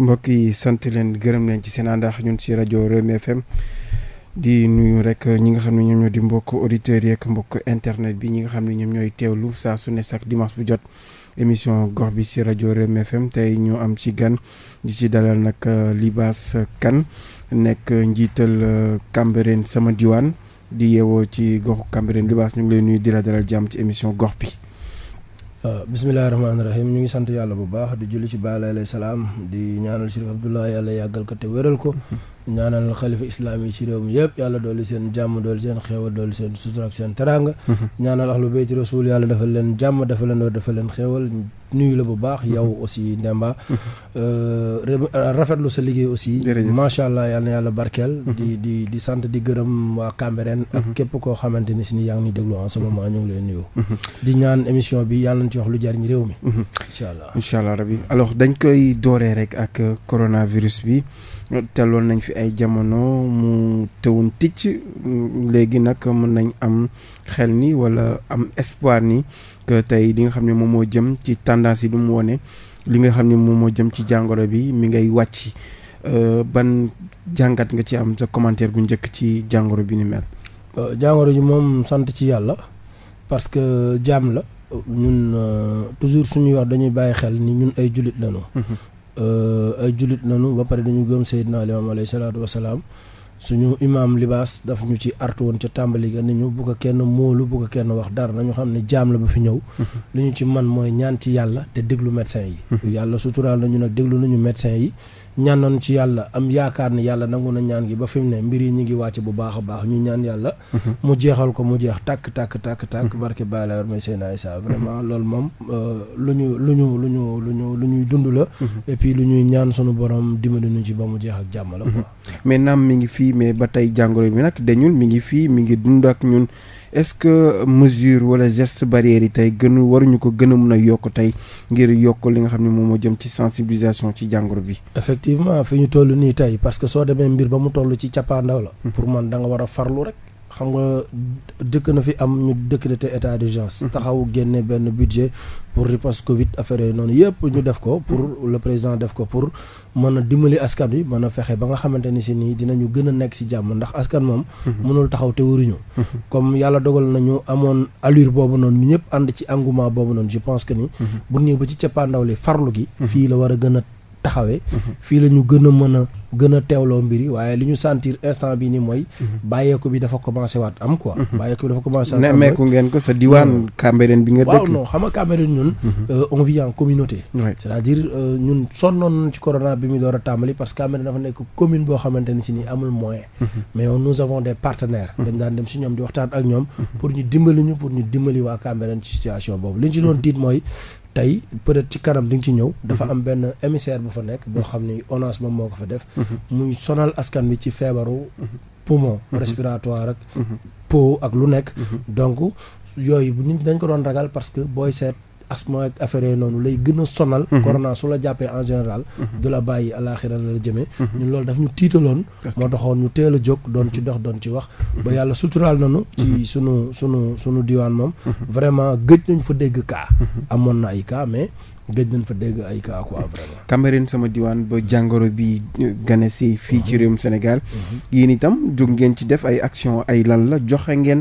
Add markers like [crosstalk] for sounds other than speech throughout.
mbokk yi sant leen gërëm leen ci seen àndaax ñun si rajo Rewmi FM di nuyu rek ñi nga xam ne ñoom ñoo di mbokk auditeurs yeeg mbokk internet bi ñi nga xam ne ñoom ñooy teewlu saa su ne sax dimanche bu jot émission gox bi si rajo Rewmi FM tey ñu am ci gan di ci dalal nag euh, baas kan nekk njiital euh, Cambérène sama diwaan di yeewoo ci goxu Cambérène Libasse ñu ngi leen nuyu di la dalal jàmm ci émission gox bi. waaw euh, bisimilahi rahmaani ñu ngi sant yàlla bu baax di julli ci baala alayhi salaam di si Chérif Abdoulaye yàlla yàggal ko te wéral ko ñaanal xalifa islaam yi ci réew mi yëpp yàlla doolu seen jàmm doolu seen xéewal doolu seen sutura ak seen teraanga mhm. ñaanal lu bayti rasul yàlla dafa leen jàmm dafa leen war dafa leen xéewal nuyu la bu baax mhm. yow aussi Ndemba mhm. euh, rafetlu sa liggéey aussi macha allah yal na yàlla barkeel di di di sant di gërëm waa Cambérène ak képp koo xamante ni si ni yaa ngi ñuy déglu en ce ñu ngi leen nuyu di ñaan émission bi yàlla nañ ci wax lu jariñ réew mi incha allah incha allah rabbi alors dañ koy dooree rek ak coronavirus bi te lool nañ fi ay jamono mu tewoon ticc léegi nag mën nañ am xel ni wala am espoir ni que tey li nga xam ne moom moo jëm ci tendance yi du mu wone li nga xam ni moom moo jëm ci jàngoro bi mi ngay wàcc euh, ban jàngat nga ci am sa commentaire gu njëkk ci jàngoro bi ni mel. Euh, jàngoro ji moom sant ci yàlla parce que jaam la ñun euh, toujours suñuy wax dañuy bàyyi xel ni ñun ay jullit lañu mm-hmm. Euh, ay jullit nanu ba pare dañu gëm Seydina Limaam alayhi salaatu wasalaam suñu imaam libaas daf ñu ci artu woon ca tàmbali ga ni ñu bu kenn móolu bu kenn wax dara nañu xam ne jaam la bu fi ñëw [laughs] li ñu ci man mooy ñaan ci yàlla te déglu médecin yi [laughs] yàlla suturaal nañu nag déglu nañu médecin yi ñaanoon ci yàlla am yaakaar ni yàlla nangu na ñaan gi ba fi mu ne mbir yi ñu ngi wàcc bu baax a baax ñu ñaan yàlla mhm. mu jeexal ko mu jeex tàkk tàkk tàkk tàkk mhm. barke bàyilawar may Seydina Issa vraiment loolu moom euh, lu ñu lu ñu lu ñu lu ñu lu ñuy dund la mhm. et lu ñuy ñaan sunu borom dimbali ñu ci ba mu jeex ak jàmm la mais naam mi ngi fii mais ba tey jàngoro bi nag dañul mi ngi fii mi ngi dund ak ñun est-ce que mesure wala geste barrière yi tey gënu waruñu ko gën a mun a yokk tey ngir yokk li nga xam ne moom moo jëm ci sensibilisation ci jàngoro bi. effectivement fi ñu toll nii tey parce que soo demee mbir ba mu toll ci cappaandaw la. Hmm. pour man danga war a farlu rek. xam nga dëkk na fi am ñu décrété état d'urgence mhm. taxaw génne benn budget pour riposte Covid affaire yooyu noonu yëpp ñu def ko pour mhm. le président def ko pour mën a dimbali askan wi mën a fexe ba nga xamante ni si nii dinañu gën a nekk si jàmm ndax askan moom mhm. mënul taxaw te waruñu comme yàlla dogal nañu amoon allure boobu noonu ñëpp ànd ci engouement boobu noonu je pense que ni bu ñëw ba ci cappaandaw li farlu gi fii la war a gën taxawee mhm. fii la ñu gën a mën a gën a teewloo mbir waaye li ñu sentir instant bi ni mooy mhm. bàyyeeku bi dafa commencé waat am ko mhm. bàyyeeku bi dafa commencé waat am nemmeeku ngeen ko sa diwaan Cambérène bi nga dëkk waaw xam nga ñun euh, on vit en communauté cest à euh, ñun sonnoon nañu ci corona bi mu door a tàmbali parce que Cambérène dafa nekk commune boo xamante ne si ni amul moyen mais nous avons des partenaires dañ daan dem si ñoom di waxtaan ak ñoom pour ñu dimbali ñu pour ñu dimbali waa Cambérène ci situation boobu li ñu ci doon mooy tey peut-être ci kanam di nga ci ñëw. dafa mhm. am benn émissaire bu fa nekk. boo xam ni ONAS moom moo ko fa def. Mhm. muy sonal askan bi ci feebaru. Mhm. poumon respiratoire ak. po ak lu nekk. donc yooyu bu nit dañ ko doon ragal parce que booy seet. asma ak affaire yooyu noonu lay gën a sonal mhm. corona su la jàppee en général mhm. du la bàyyi àlaxira la jëmee mhm. ñun loolu daf ñu tiitaloon moo taxoon ñu teel a jóg doon ci dox doon ci wax ba yàlla suturaal nañu ci sunu sunu sunu diwaan moom vraiment gëj nañ fa dégg cas amoon na ay cas mais gëj nañ fa dégg ay cas quoi vraiment. Cameroun sama diwaan ba jàngoro bi gane si fii ci réewum Sénégal. Mhm. yéen itam jóg ngeen ci def ay action ay lan la joxe ngeen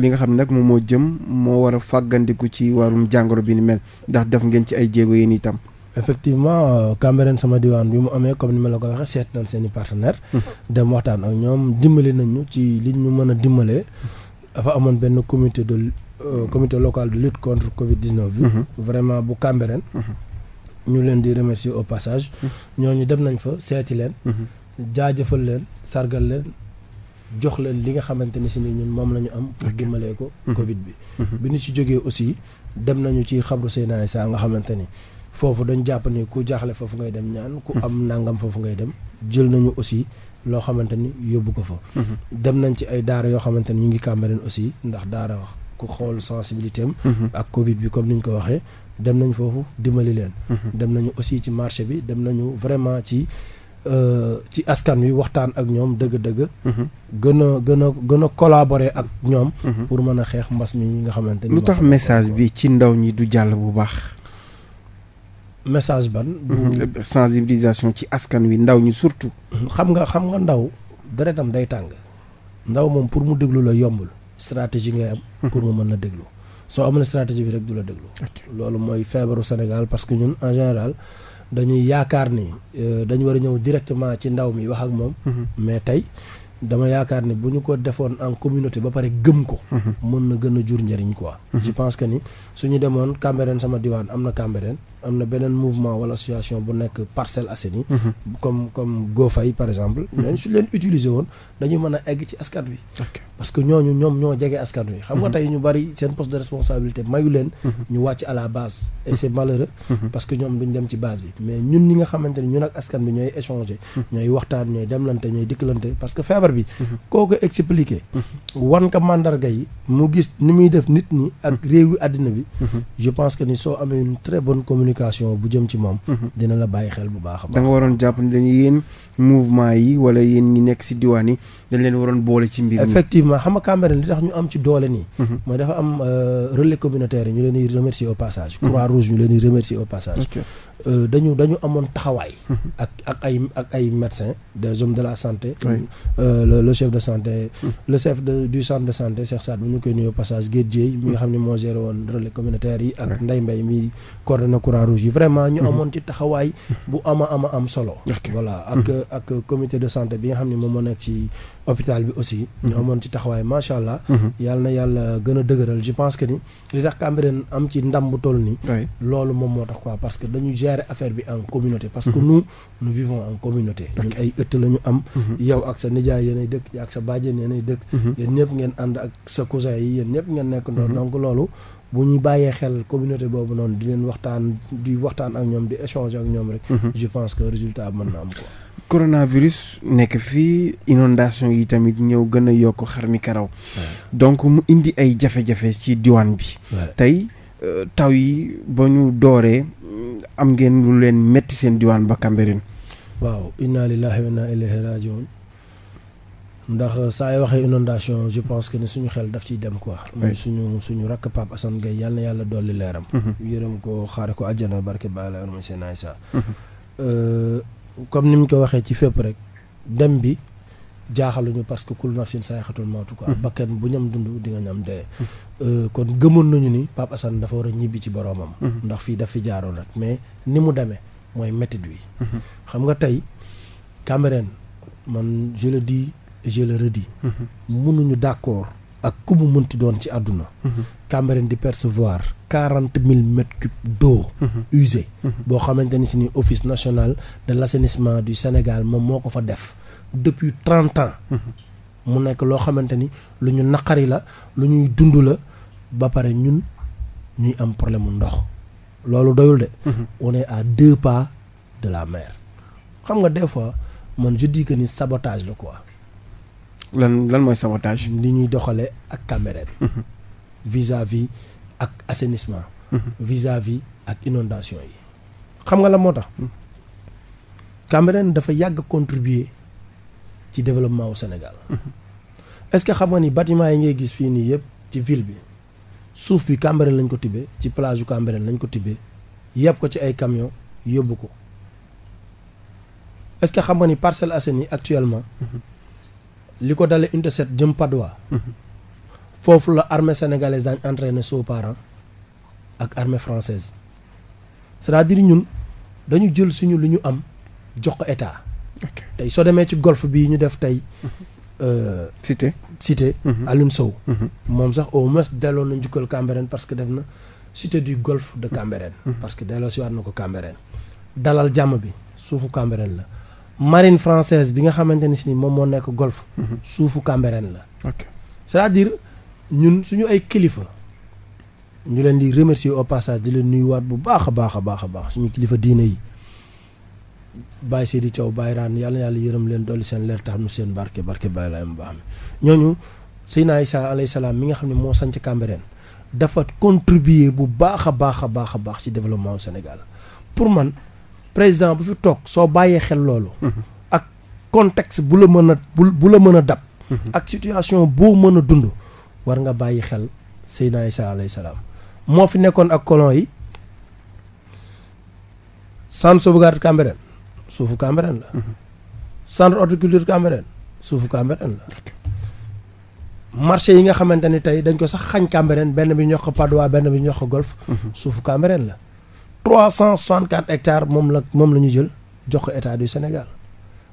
li nga xam nag moom moo jëm moo war a fàggandiku ci warum jàngoro bi ni mel ndax def ngeen ci ay jéego yéen itam. effectivement euh, Cambérène sama diwaan bi mu amee comme ni ma la ko waxee seet nañ seeni i partenaire mhm. dem waxtaan ak ñoom dimbali nañu ci li ñu mën a dimbalee. dafa amoon benn comité de Euh, comité local de lutte contre Covid 19 bi. Mhm. vraiment bu Cambérène. Mhm. ñu leen di remercier au passage. Mhm. ñooñu dem nañ fa seeti leen. jaajëfal leen sargal leen jox leen li nga xamante ni si ni ñun moom lañu am. pour dimbalee ko Covid bi. bi ñu si jógee aussi dem nañu ci xabru Seydina Issa nga xamante ni foofu dañ jàpp ni ku jaaxle foofu ngay dem ñaan ku am nangam foofu ngay dem jël nañu aussi. loo xamante ni yóbbu ko fa. dem nañ ci ay daara yoo xamante ni ñu ngi Cambérène ku xool sensibilité am mhm. ak covid bi comme ni ñu ko waxee dem nañ foofu dimali leen mhm. dem nañu aussi ci marché bi dem nañu vraiment ci euh, ci askan wi waxtaan ak ñoom dëgg-dëgg mhm. gën a gën a gën a collaborer ak ñoom pour mën a xeex mbas mi nga xamante ni lu tax message bi ci ndaw ñi du jàll bu baax message ban bu sensibilisation ci askan wi ndaw ñi surtout xam nga xam nga ndaw deretam day tàng ndaw moom pour mu déglu la yombul stratégie ngay am. pour mu mën la déglu soo amul stratégie bi rek du la déglu. loolu mooy feebaru Sénégal parce que ñun en général dañuy yaakaar ni euh, dañu war a ñëw directement ci ndaw mi wax ak moom. Mm-hmm. mais tey. dama yaakaar ne bu ñu ko defoon en communauté ba pare gëm ko. Mhm. mën na gën a jur njëriñ quoi. Mhm. je pense que ni su ñu demoon Cambérène sama diwaan am na Cambérène am na beneen mouvement wala association bu nekk Parcelles Assainies. Mhm. comme comme Gofay par exemple. ñooñu su leen utiliser woon dañu mën a egg ci askan wi. parce que ñooñu ñoom ñoo jege askan xam nga tey ñu bari seen poste de responsabilité mayu leen. ñu wàcc à la base. et c'est malheureux. parce que ñoom duñ bi mais ñun ñun ak askan bi ñooy échanger. ñooy waxtaan ñooy demlante feebar bi koo ko expliqué yi mu gis ni muy def nit ñi ak réew yi àddina bi je pense que ni soo amee une très bonne communication bu jëm ci moom dina la bàyyi xel bu baax a baax da nga waroon jàpp ne dañu yéen mouvement yi wala yéen ñi nekk si diwaan yi dañ leen waroon boole ci mbir mi effectivement xam nga Cambérène li tax ñu am ci doole nii mhm. mooy dafa am euh, relais communautaire ñu leen remercier au passage mhm. Croix-Rouge ñu leen remercier au passage Euh, dañu dañu amoon taxawaay. Mm-hmm. ak ak ay ak ay médecins des hommes de la santé. Euh, le le chef de santé. Mm. le chef de du centre de santé Cheikh Saad bu ñu koy nuyoo passage Guèye Dieye mi nga mm. xam ne moo géré woon relais communautaire yi. ak Ndeye Mbaye mi coordonné croix rouge yi vraiment ñu mm-hmm. amoon ci taxawaay bu ama ama am solo. voilà ak mm-hmm. ak comité de santé bi nga xam ne moom moo nekk ci. hôpital bi aussi. Mhm. ñu amoon ci taxawaay macha allah. Mhm. yàlla na yàlla gën a dëgëral je pense que ni li tax Cambérène am ci ndam bu toll nii. loolu moom moo tax quoi parce que dañu gérer affaire bi en communauté. parce que mhm. nous nous vivons en communauté. ñun ay ëtt la ñu am. yow ak sa nijaay yéenay dëkk yow ak sa bàjjen yéenay dëkk. yéen ñëpp ngeen ànd ak sa cousin yi yéen ñëpp ngeen nekk ndox donc loolu. bu ñu bàyyee xel communauté boobu noonu di leen waxtaan di waxtaan ak ñoom di échanger ak ñoom rek. pense que résultat mën na am quoi. coronavirus nekk fii inondation yi tamit ñëw gën a yokk xar mi karaw donc mu indi ay jafe-jafe ci diwaan bi tey euh, taw yi ba ñu dooree mm, am ngeen lu leen metti seen diwaan ba Cambérène waaw inna lillahi wa inna ilayhi rajiun ndax euh, saa yi waxee inondation je pense que ne suñu xel daf ciy dem ko mooy suñu suñu rakk Pape Assane Gueye yàlla yàlla dolli leeram mhm. yërëm ko xaare ko àjjana barke bàyyi la arma seen ay comme ni mu ko waxee ci fépp rek dem bi jaaxaluñu parce que kul nafsin saayaxatul mawtu quoi hmm. bakkan bu ñam dund di nga ñam dee hmm. euh, kon gëmoon nañu ni Pape Assane dafa war a ñibbi ci boroomam hmm. ndax fii daf fi jaaroon rek mais ni mu demee mooy métit wi xam nga tey Cambérène man je le dis et je le redis mënuñu d'accord ak ku mu mënti doon ci àdduna mhm. Cambérène di percevoir quarante mille mètres cubes d'eau mhm. usée mhm. boo xamante ni si ni office national de l'assainissement du Sénégal moom moo ko fa def depuis trente ans mu nekk loo xamante ni lu ñu naqari la lu ñuy dund la ba pare ñun ñuy am problème mu ndox loolu doyul de on à deux pas de la mer xam nga des fois man je dis que ni sabotage la quoi lan lan mooy sabotage. li ñuy doxale ak Cambérène. Mhm. vis-à-vis ak assainissement. Mhm. vis-à-vis ak inondation yi. xam nga la moo tax. Mhm. Cambérène dafa yàgg contribuer ci développement au Sénégal. ce que xam nga ni bâtiment yi ngay gis fii nii yëpp ci ville bi suuf bi Cambérène lañ ko tibbee ci plage yu Cambérène lañ ko tibbee yëpp ko ci ay camion yóbbu ko est que xam nga ni Parcelles Assainies actuellement. Mm li ko dalee unité 7 jëm Padoa foofu la armée sénégalaise daañ ne sous parent ak armée française c'est-à-dire ñun dañu jël suñu lu ñu am jox ko état tey soo demee ci golf bii ñu def tey euh, cité cité mhm. Alioune Sow mhm. moom sax au moins delloo na njukkal Cambérène parce que def na cité du golfe de mhm. Cambérène parce que delloo si waat na ko Cambérène dalal jàmm bi suufu Cambérène la marine francaise bi nga xamante ne si ni moom moo nekk golfe mhm. suufu Cambérène la c'est-à-dire ñun suñu ay kilifa ñu leen di remercier au passage di leen nuyuwaat bu baax a baax a baax a baax suñu kilifa diine yi Baye Seydi Thiaw Baye Raan yàlla yàlla yërëm leen dolli seen leer tax nu seen barke barke Baye Laay mu baax mi ñu Seydina Issa alayhi salaam mi nga xam ne moo sanc Cambérène dafa contribuer bu baax a baax a baax a baax ci développement Sénégal pour président bu fi toog soo bàyyee xel loolu. Mhm. ak contexte bu la mën a bu la mën a dab. Mhm. ak situation boo mën a dund war nga bàyyi xel Seydina Isa alayhi salaam moo fi nekkoon ak colon yi centre sauvegarde Cambérène suufu Cambérène la. Mhm. centre horticulture Cambérène suufu Cambérène la. marché yi nga xamante ni tey dañ ko sax xañ Cambérène benn bi ñox ko Padois benn bi ñox ko Golf. suufu Cambérène la. trois cent soixante quatre hectares moom la moom la ñu jël jox état du Sénégal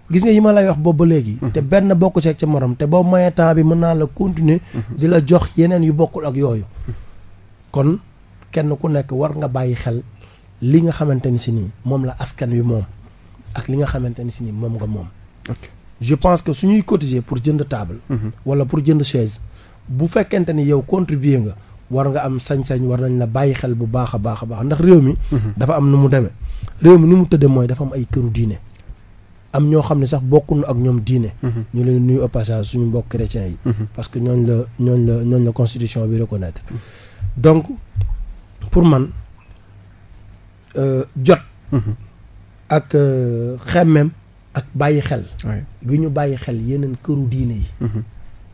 gis nga yi ma lay wax boobu ba léegi. Mhm. te benn bokk ceeg ca morom te boo mayee temps bi mën naa la continuer. Mhm. di la jox yeneen yu bokkul ak yooyu. Mhm. kon kenn ku nekk war nga bàyyi xel li nga xamante ni si nii moom la askan wi moom ak li nga xamante ni si nii moom nga moom. je pense que su ñuy cotiser pour jënd table. wala pour jënd chaise bu fekkente ni yow contribuer nga. war nga am sañ-sañ war nañ la bàyyi xel bu baax a baax a baax ndax réew mi. Mhm. dafa am nu mu demee. réew mi ni mu tëddee mooy dafa am ay këru diine am ñoo xam ne sax bokkunu ak ñoom diine. Mhm. ñu leen nuyu au passage suñu mbokk chrétiens yi. Mhm. parce que ñooñ la ñooñ la ñooñ la constitution bi reconnaître donc pour man euh, jot. ak euh, xemmem ak bàyyi xel. gi ñu bàyyi xel yeneen këru diine yi.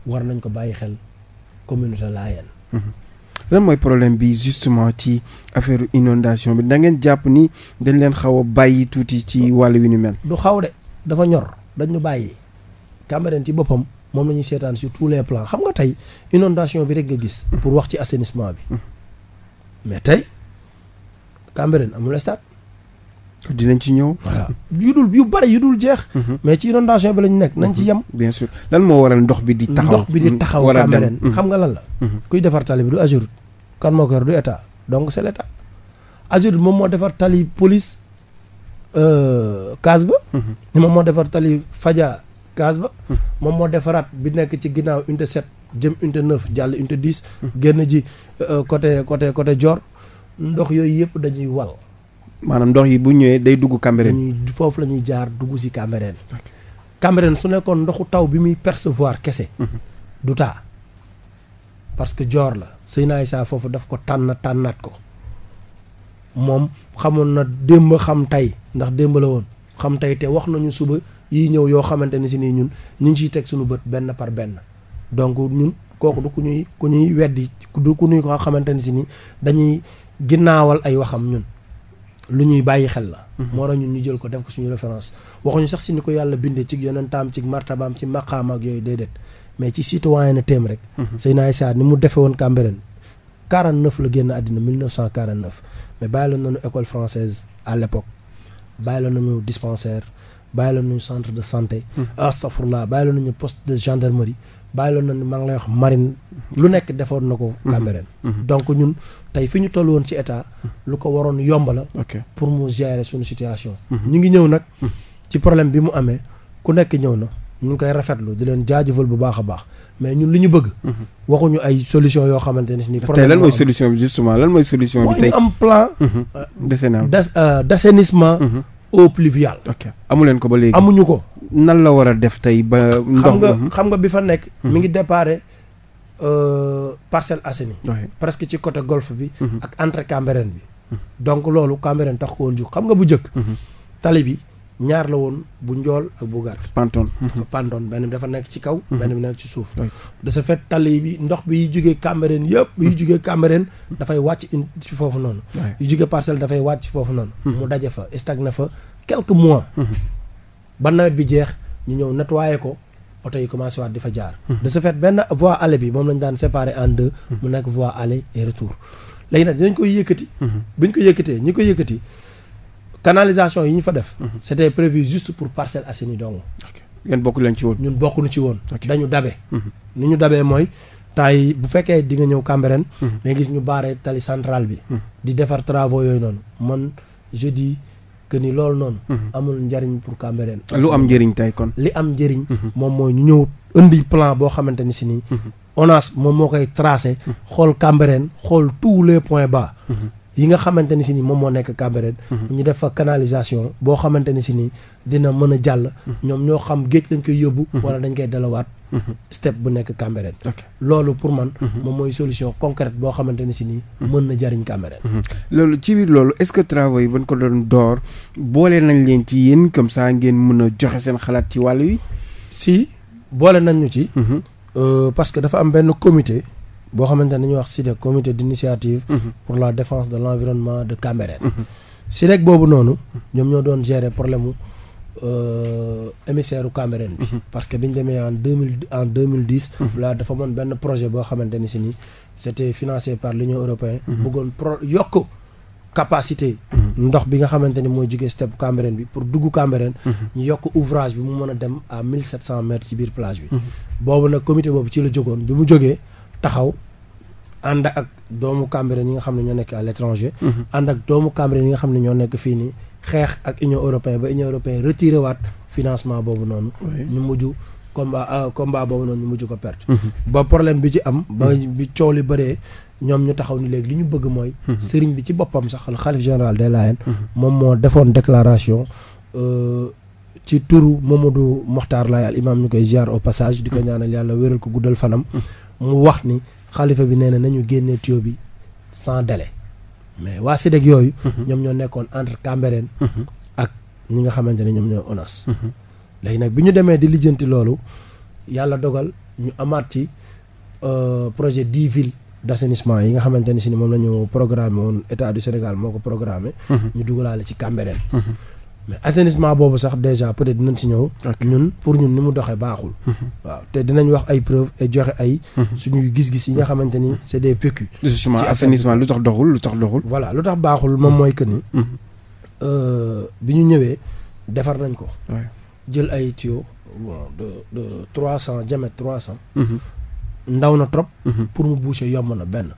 war nañ ko bàyyi xel communauté laayeen. lan mooy problème bi justement ci affaire inondation bi da jàpp ni dañ leen xaw a bàyyi tuuti ci wàll wi ni mel. du xaw de dafa ñor dañ lu bàyyi Cambérène ci boppam moom la ñuy seetaan sur tous les plans xam nga tey inondation bi rek nga gis. pour wax ci assainissement bi. Mm-hmm. mais tey Cambérène amul stade. dinañ ci ñëw. voilà yu dul yu bari yu dul jeex. Mm-hmm. mais ci inondation bi lañ nekk nañ ci mm-hmm. yem. bien sûr lan moo waral ndox bi di. taxaw ndox bi di mm-hmm. taxaw Cambérène xam nga lan la. kuy defar tali bi du AGEROUTE. kan moo ko yor du état donc c' est l' moom moo defar tali police euh, case ba. moom moo defar tali faja kaas ba. moom moo defaraat bi nekk ci ginnaaw unité 7 jëm unité 9 jàll unité 10. génn ji euh, côté côté côté Dior ndox yooyu yëpp dañuy wal maanaam ndox yi bu ñëwee day dugg Cambérène foofu la ñuy jaar dugg si Cambérène Cambérène su nekkoon ndoxu taw bi muy percevoir kese mhm. du taa parce que joor la naa Issa foofu daf ko tànn tànnaat ko moom xamoon na démb xam tey ndax démb la woon xam tey te wax nañu suba yii ñëw yoo xamante ni si nii ñun ñu ngi ciy teg suñu bët benn par benn donc ñun kooku du ku ñuy ku ñuy weddi du ku ñuy ko xamante ni si nii dañuy ginnaawal ay waxam ñun lu ñuy bàyyi xel la mhm. moo tax ñun ñu jël ko def ko suñu référence waxuñu sax si ni ko yàlla bindee ci yonentaam ci martabaam ci maqaam ak yooyu déedéet mais ci citoyenneté rek mhm. Seydina Issa ni mu defe woon Cambérène 49 la génn àddina 1949 mais bàyyi la nañu école française à l'époque bàyyi la nañu dispensaire bàyyi la nañu centre de santé mhm. astafurlah bàyyi la nañu poste de gendarmerie bàyyi bàyyiloon na maa ngi lay wax marine lu nekk defoon na ko. Mhm. Cambérène mhm. donc ñun tey fi ñu toll woon ci état lu ko waroon yomb la. pour mu gérer suñu situation. Mhm. ñu ngi ñëw nag ci problème bi mu amee ku nekk ñëw na ñu ngi koy rafetlu di leen jaajëfal bu baax a baax mais ñun li ñu bëgg. waxuñu ay solution yoo xamante ne si nii. problème tey bi justement lan mooy solution bi tey am plan. décennal euh, euh, d'assainissement. au pluvial. ok amu leen ko ba léegi amuñu ko. nan la war a def tey ba. ndox nga xam nga bi fa nekk. Hmm. mi ngi déparé euh, Parcelles Assainies. presque ci côté golf bi. Hmm. ak entre Cambérène bi. Hmm. donc loolu Cambérène tax ko woon jug bu njëkk. tali bi ñaar la woon bu njool ak bu gàtt. pantoon pantoon benn dafa nekk ci kaw. benn bi ci suuf. de ce fait tali bi ndox bi yu jugee Cambérène yëpp. yu jugee Cambérène dafay wàcc ci foofu noonu. yu jugee parcelle dafay wàcc ci foofu noonu. mu daje fa stagné na fa quelques mois. ba nawet bi jeex ñu ñëw nettoyé ko oto yi commencé waa di fa jaar. Hmm. de ce fait benn voie allée bi moom lañu daan séparé en deux. Hmm. mu nekk voie aller et retour. léegi nag dinañ koy yëkkati. Hmm. bi ñu ko yëkkatee ñu ko yëkkati canalisation yi ñu fa def. c' était prévu juste pour parcelle Assainies dong. ngeen bokk leen ci woon. ñun bokkuñu ci woon. dañu dabe. ni ñu dabee mooy temps yi bu fekkee di nga ñëw Cambérène. ma gis ñu baare tali centrale bi. di defar travaux yooyu noonu man je dis. que ni loolu noonu. Mhm. amul njariñ pour Cambérène. lu am njëriñ tey kon. li am njëriñ. Mhm. moom mooy ñu ñëw indi plan boo xamante ni si nii. Mhm. ONAS moom moo koy tracé. xool Cambérène xool tous les points ba yi nga xamante ni si ni moom moo nekk Cambérène mhm. ñu def fa canalisation boo xamante ni si nii dina mën a jàll mhm. ñoom ñoo xam géej lañ koy yóbbu mhm. wala dañ koy dalawaat step bu nekk Cambérène loolu pour man moom mooy solution concrete boo xamante ni si nii mën na jariñ Cambérène loolu ci biir loolu est-ce que travaux yi bañ ko doon door boole nañ leen ci yéen comme ça ngeen mën a joxe seen xalaat ci wàll wi si boole nañ ñu ci euh, parce que dafa am benn comité boo xamante ne dañuy wax CIDEC comité d' initiative. Mhm. pour la défense de l' environnement de Cambérène. CIDEC mhm. boobu noonu. ñoom ñoo doon gérer problème mu euh, émissaire u Cambérène bi. Mhm. parce que bi ñu demee en deux mille en deux mille dix. la dafa amoon benn projet boo xamante ne si ni c' était financé par l' Union européenne. bëggoon pro yokk capacité. ndox bi nga xamante ni mooy jóge step Cambérène bi pour dugg Cambérène ñu yokk ouvrage bi mu mën a dem à mille sept cent ci biir plage bi. boobu nag comité boobu ci la jógoon bi mu jógee. taxaw ànd ak doomu Cambérène yi nga xam ne ñoo nekk à l'étranger mhm. ak doomu Cambérène yi nga xam ne ñoo nekk fii nii xeex ak Union européenne ba Union européenne retiré waat financement boobu noonu ñu mujj combat ah, ah, combat boobu noonu ñu mujj ko perte mhm. ba problème bi ci am ba mhm. bi li bëree ñoom ñu taxaw ni léegi li ñu bëgg mooy sëriñ bi ci boppam sax le xalif général des Layènes moom moo defoon déclaration euh, ci turu Mamadou du Laye al imam ñu koy ziar au passage di ko ñaanal yàlla wéral ko guddal fanam mu wax ni xalifa bi nee na nañu génnee tuyau bi sans délai mais waa SEDEC yooyu. Mhm. ñoom ñoo nekkoon entre Cambérène. Mhm. ak ñi nga xamante ne ñoom ñoo ONAS. Mhm. léegi nag bi ñu demee di lijjanti loolu yàlla dogal ñu amaat ci euh, projet dix villes d' assainissement yi nga xamante ne si ni moom nañu programme programmé woon état du Sénégal moo ko programmé. ñu dugalaale ci Cambérène. mais assainissement boobu sax déjà peut-être dinañ si ñëw. ñun pour ñun ni mu doxee baaxul. Mm-hmm. waaw te dinañ wax ay preuves et joxe ay. Mm-hmm. suñuy gis-gis yi nga xamante ni mm-hmm. c'est des PQ. ci assainissement lu tax doxul lu tax doxul. voilà lu tax baaxul moom mooy que ni. Euh, bi ñu ñëwee defar nañ ko. jël ay tuyaux de de trois cent diamètre trois cent. ndaw na trop. pour mu boucher yomb na benn.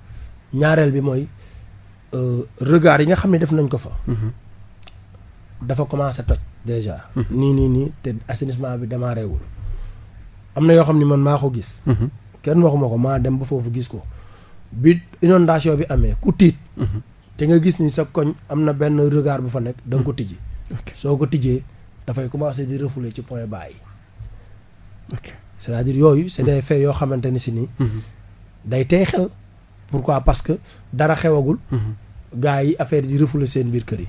ñaareel bi mooy euh, regard yi nga xam ne def nañ ko fa. dafa commencé toj déjà. Mhm. nii nii nii te assainissement bi démarré wul. am na yoo xam ni man maa ko gis. Mhm. kenn waxuma ko maa dem ba foofu gis ko bi inondation bi amee ku tiit. Mhm. te nga gis ni sa koñ am na benn regard bu fa nekk da nga ko tijji. soo ko tijjee dafay commencé di refouler ci point bas yi. ok yooyu c'est des faits yoo xamante ni si nii. day tey xel. pourquoi parce que dara xewagul. gars yi affaire di refule seen biir kër yi.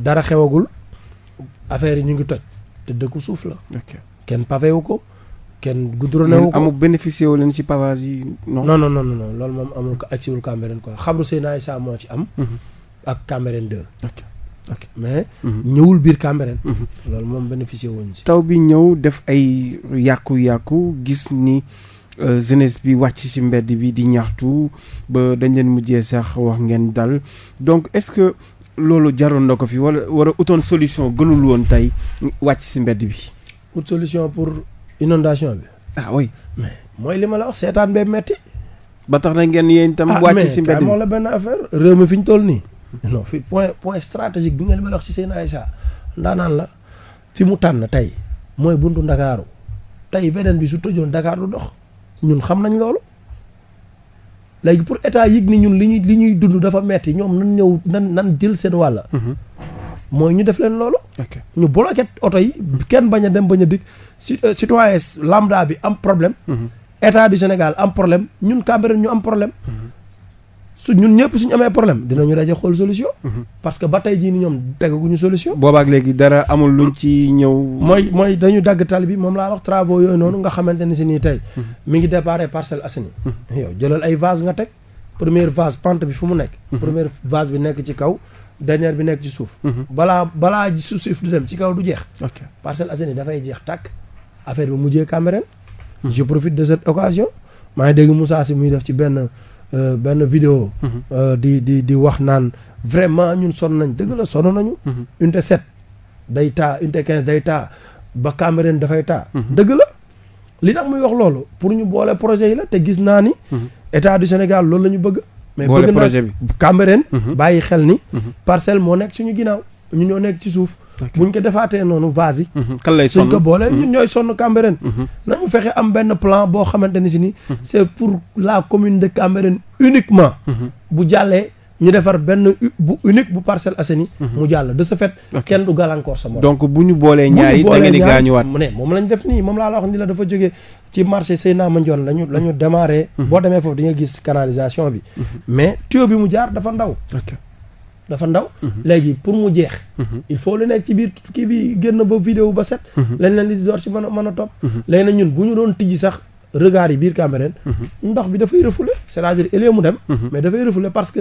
dara xewagul affaire yi ñu ngi toj te dëkku suuf la. kenn pavé wu ko kenn goudronné wu ko. amul bénéficié wu leen ci pavage yi. non non non non loolu moom amul ko agsiwul Cambérène quoi xabru Seydina Issa moo ci am. Mhm. ak Cambérène 2. mais. Mhm. ñëwul biir Cambérène. Mhm. loolu moom bénéficié wuñ ci. taw bi ñëw def ay yàqu-yàqu gis ni. Euh, jeunesse bi wàcc ci mbedd bi di ñaxtu ba dañ leen mujjee sax wax ngeen dal donc est-ce que loolu jaroon na ko fi wala war a utoon solution gënul woon tey wàcc si mbedd bi. ut solution pour inondation bi. ah oui mais mooy li ma la wax seetaan bee metti ba tax na ngeen yéen itam. Ah, wàcc si mbedd bi benn affaire réew fi ñu toll nii. non fi point point bi nga li ma la wax ci seen ay ndaanaan la fi mu tànn tey mooy buntu ndakaaru tey beneen bi su tëjoon Dakar du dox ñun xam nañ loolu. léegi pour état yëg ni ñun li ñuy li ñuy dund dafa metti ñoom nan ñëw nan nan jël seen wàlla mhm. mooy ñu def leen loolu ñu bloqué oto yi mhm. kenn bañ a dem bañ a dikk euh, citoyen lambda bi am problème mhm. état du Sénégal am problème ñun Cambérène ñu am problème su ñun ñëpp suñu amee problème dinañu daje xool solution. Mhm. parce que ba tey jii ni ñoom tegaguñu solution. boobaak léegi dara amul luñ ci ñëw. mooy mooy dañu dagg tali bi moom laa wax travaux yooyu noonu nga xamante ne si nii tey. Mhm. mi ngi déparé Parcelles Assainies. Mhm. jëlal ay vase nga teg première vase pente bi fu mu nekk. première vase bi nekk ci kaw. dernière bi nekk ci suuf. balaa balaa suuf suuf du dem ci kaw du jeex. ok Parcelles Assainies dafay jeex tàkk affaire bi mujjee Cambérène. je profite de cette occasion. maa ngi dégg Moussa si muy def ci benn Euh, benn vidéo mhm. euh, di di di wax naan vraiment ñun sonn nañ dëgg la sonn nañu mhm. unité 7 day taa unité day taa ba Cambérène dafay taa mhm. dëgg la li tax muy wax loolu pour ñu boole projet yi la te gis naa ni état du Sénégal loolu la ñu bëgg mais bëgg naa Cambérène bàyyi xel ni parcelle moo nekk suñu ginnaaw ñu ñoo nekk ci suuf. buñ ko defaatee noonu vase yi. Mhm. kan lay sonn suñ ko boole ñun mhm. ñooy sonn Cambérène. Mhm. nañu fexe am benn plan boo xamante ni si ni. c'est pour la commune de Cambérène uniquement. bu jàllee. ñu defar benn bu unique bu Parcelles Assainies mu jàll de ce fait kenn du gàllankoor sa morom donc bu ñu boolee ñaar yi da ngeen gaañuwaat mu ne moom lañ def nii moom laa la wax ni la dafa jógee ci marché Seyna Mandione lañu la ñu démarré boo demee foofu di nga gis canalisation bi mais tuyau bi mu jaar dafa ndaw dafa ndaw mhm. léegi pour mu jeex mhm. il faut lu nekk ci biir kii bi génn ba vidéo ba set mhm. lañ leen di door ci mën a mën a topp léegi nag ñun bu ñu doon tijji sax regard yi biir Cambérène ndox bi dafay refoulé c'est-à-dire élie mu dem mais dafay refoulé parce que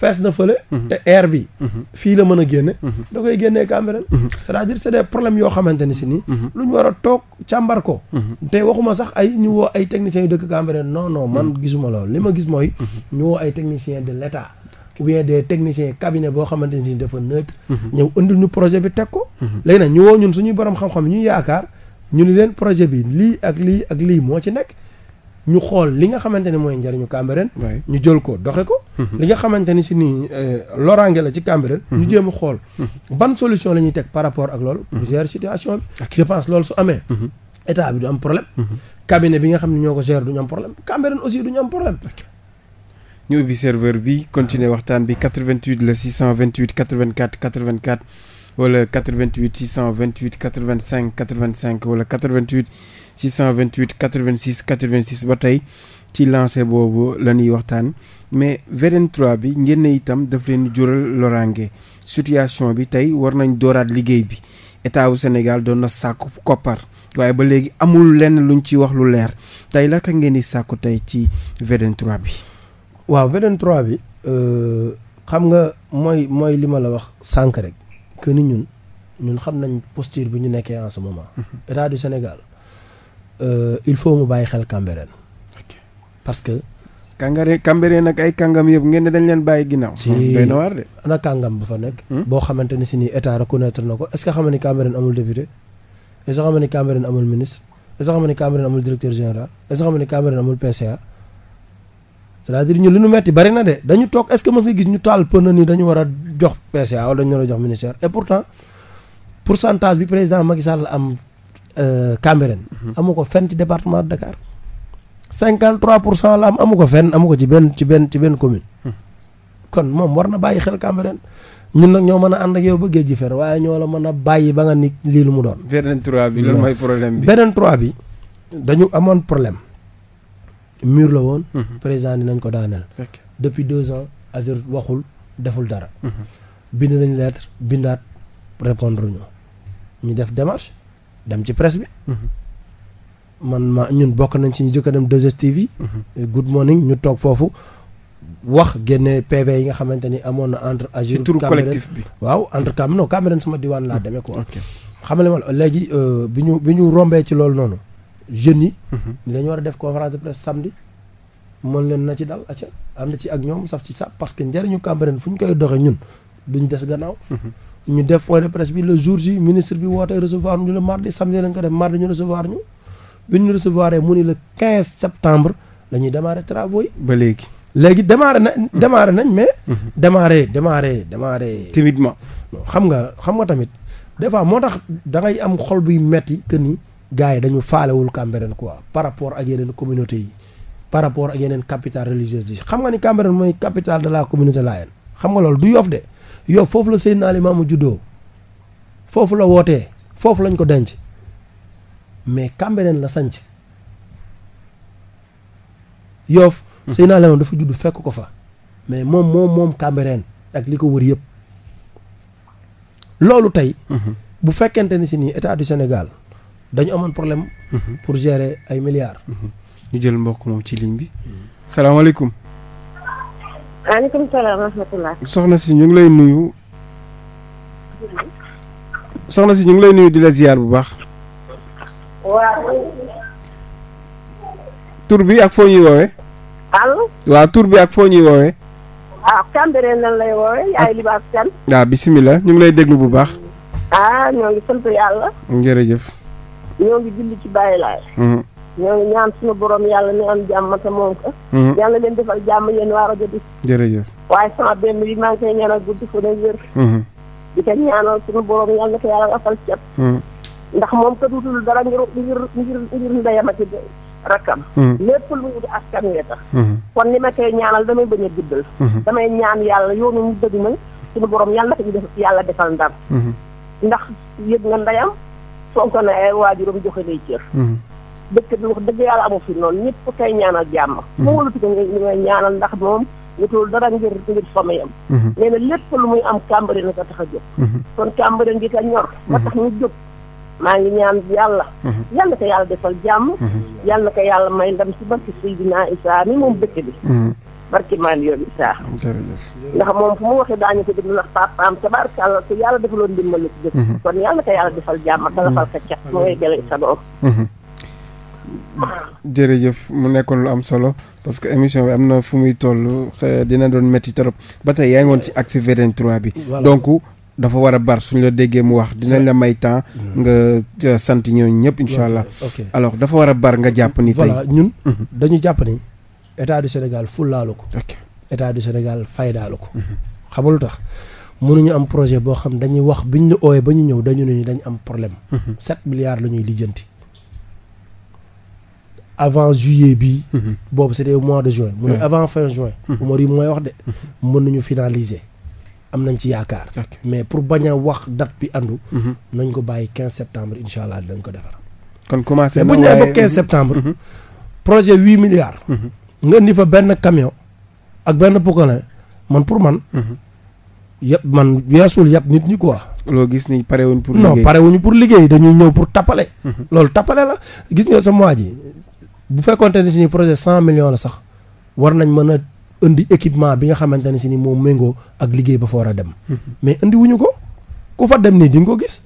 fees na fële te air bi fii la mën a génne da koy génnee Cambérène c'est-à-dire c'est des problèmes yoo xamante ni si nii lu ñu war a toog càmbar ko te waxuma sax ay ñu woo ay techniciens yu dëkk Cambérène non non man gisuma loolu li ma gis mooy ñu ay techniciens de l'État ou bien des techniciens cabinet boo xamante ne dafa neutre. Mhm. ñëw indil ñu projet bi teg ko. Mhm. léegi nag ñu woo ñun suñuy borom xam-xam ñu yaakaar ñu ni leen projet bi lii ak lii ak lii moo ci nekk. ñu xool li nga xamante ne mooy njariñu Cambérène ñu jël ko doxe ko mhm. li nga xamante ni si nii euh, loraange la ci Cambérène ñu jéem a xool ban solution la ñuy teg par rapport ak loolu plusieurs situation bi je pense loolu su amee état bi du am problème cabinet bi nga xam ne ñoo ko gère du ñu am aussi du ñu am problème ñu ubbi serveur bi continuer waxtaan bi vingt 88 la 628 84 84 wala 88 628 85 85 wala 88 628 86 86 ba tey ci lancé boobu la ñuy waxtaan mais VDN 3 bi ngeen itam daf leen jural loraange situation bi tey war nañ dooraat liggéey bi état wu Sénégal doon na sàkku koppar waaye ba léegi amul lenn luñ ci wax lu leer tey laka ngeen di sàkku tey ci VDN bi. waaw VDN 3 bi euh, xam nga mooy mooy li ma la wax sànq rek que ni ñun ñun xam nañ posture bi ñu nekkee en ce moment. Mhm. état du Sénégal euh, il faut mu bàyyi xel Cambérène. parce que. kàngare Cambérène nag ay kàngam yëpp ngeen ne dañ leen bàyyi ginnaaw. si na waar ba fa nekk. Hmm? boo xamante ni si ni état reconnaître na ko est ce que xam nga ni Cambérène amul député est ce que xam nga ni Cambérène amul ministre est ce que xam nga ni Cambérène amul directeur général est ce que amul PCA. c'est-à-dire ñu li ñu metti bari na de dañu toog est-ce que mës nga gis ñu taal pënë ni dañu war a jox PCA wala dañu war a jox ministère et pourtant pourcentage bi président Macky Sall am euh, Cambérène. Mhm. amu ko fenn ci département de Dakar. 53 pour cent la am amu ko fenn amu ko ci benn ci benn ci benn commune. Hmm. kon moom war na bàyyi xel Cambérène ñun nag ñoo mën a ànd ak yow bëggee géej gi fer waaye ñoo la mën a bàyyi ba nga ni lii lu mu doon. beneen 3 bi loolu mooy problème bi bi dañu amoon problème. mur la woon. Mhm. président nañ ko daaneel. depuis deux ans Azur waxul deful dara. Mhm. bind nañ lettre bindaat répondre ñu def démarche dem ci presse bi. Mhm. man ma ñun bokk nañ ci ñu jëkk a dem 2STV. Eh, good morning ñu toog foofu wax génne PV yi nga xamante ni amoon na entre. Azur turu collectif bi waaw entre Cameroun non Cameroun sama diwaan laa demee quoi. ok xamale ma léegi euh, bi ñu bi ñu rombee ci loolu noonu. jeunes yi. Mhm. ni dañu war a def conférence de presse samedi. mën leen na ci dal acca am na ci ak ñoom saf ci sa parce que njëriñu Cambérène fu ñu koy doxee ñun duñ des gannaaw. Mhm. ñu def point de presse bi le jour ji ministre bi woote recevoir ñu le mardi samedi lañ ko def mardi ñu recevoir ñu. bi ñu recevoir mu ni la 15 septembre lañuy ñuy démarrer ba léegi léegi démarrer na mhm. démarrer nañ mais. démarrer démarrer démarrer. timidement. xam nga xam nga tamit des fois moo tax da ngay am xol buy metti que ni. gars yi dañu faalewul Cambérène quoi par rapport ak yeneen communauté yi par rapport ak yeneen capitale religieuse yi xam nga ni Cambérène mooy capitale de la communauté laayeen xam nga loolu du Yoff de Yoff foofu la Seydina Limaamu juddoo foofu la wootee foofu lañ ko denc mais Cambérène la sanc Yoff hmm. Seydina Limaamu dafa judd fekk ko fa mais moom moom moom Cambérène ak li ko wër yëpp loolu tey hmm. bu fekkente ni si nii état du Sénégal dañu amoon problème. Mhm. pour gérer ay milliards. Mhm. ñu jël mbokk moom ci ligne bi. salaamaaleykum. maaleykum soxna si ñu ngi lay nuyu. soxna si ñu ngi lay nuyu di la bu baax. waaw. bi ak foo ñuy woowee. waaw tur bi ak foo ñuy woowee. ah Cambérène lay woowee ah. yaay Libaas waaw ah, bisimilah ñu ngi lay déglu bu baax. ah ñoo ngi sant yàlla. jërëjëf. ñoo ngi julli ci bàyyi laay mhm. ñoo ngi ñaan suñu borom yàlla ni am jàmm te moom ko mhm. yàlla leen defal jàmm yéen waa rajo bi jërëjëf waaye sama benn bi maa ngi koy a gudd fu ne wér mhm. di ko ñaanal suñu borom yàlla na ko yàlla ndax moom ka dara ngir ngir ngir ngir ndeyam ak lépp lu ñu di kon li ma koy ñaanal damay bañ a guddal damay ñaan yàlla yoonu ñu dëgg ma suñu borom yàlla ko ñu def yàlla defal ndam ndax yëg nga ndeyam fonk na ay waajuram joxe lay cër mhm. dëkk bi wax dëgg yàlla amu fi noonu ñëpp koy ñaanal jàmm mhm. moom walu ti ko nga ñaanal ndax moom wutul dara ngir ngir famille am mhm. nee na lépp lu muy am Cambérène ko tax a jóg kon Cambérène gi ka ñor ba tax ñu jóg maa ngi ñaan yàlla yàlla na ko yàlla defal jàmm yàlla ko yàlla may ndam si barke Seydina Isaa mi moom dëkk bi barki maam mhm. mhm. mu nekkoon lu am solo parce que émission bi am na fu muy toll dina doon métti trop ba tey yaa ngi woon ci accès VDN 3 bi donc dafa war a bar suñu la déggee mu wax dinañ la may temps mhm. nga euh, santi ñooñu ñëpp incha allah alors dafa war a bar nga jàpp ni tey ñun dañu jàpp ni état du Sénégal fullaalu ko. état du Sénégal faydaalu ko. Mhm. xamul lu tax mënuñu am projet boo xam dañuy wax bi ñu ooyee ba ñu ñëw dañu ne ñu dañ am problème. 7 mhm. milliards la ñuy lijjanti. avant juillet bi mhm. boobu c'était au mois de juin mu avant fin juin Umar yi mooy wax de mën nañu finaliser am nañ ci yaakaar mais pour bañ wax date bi andu nañ ko bàyyi quinze septembre insha allah dinañ ko defar kon commencé mais ba quinze septembre projet huit milliards nga indi fa benn camion ak benn pokane man pour man. Mhm. yëpp man weesul yàpp nit ñi wax loo gis ni pare wuñ pour. liggéey non pare wuñu pour liggéey dañuy ñëw pour tappale. Mhm. loolu tappale la gis nga sa waa ji bu fekkonte ne si ni projet cent millions la sax war nañ mën a indi équipement bi nga xamante ne si ni moom méngoo ak liggéey ba fa war a dem. Mhm. mais indi wuñu ko ku fa dem nii di nga ko gis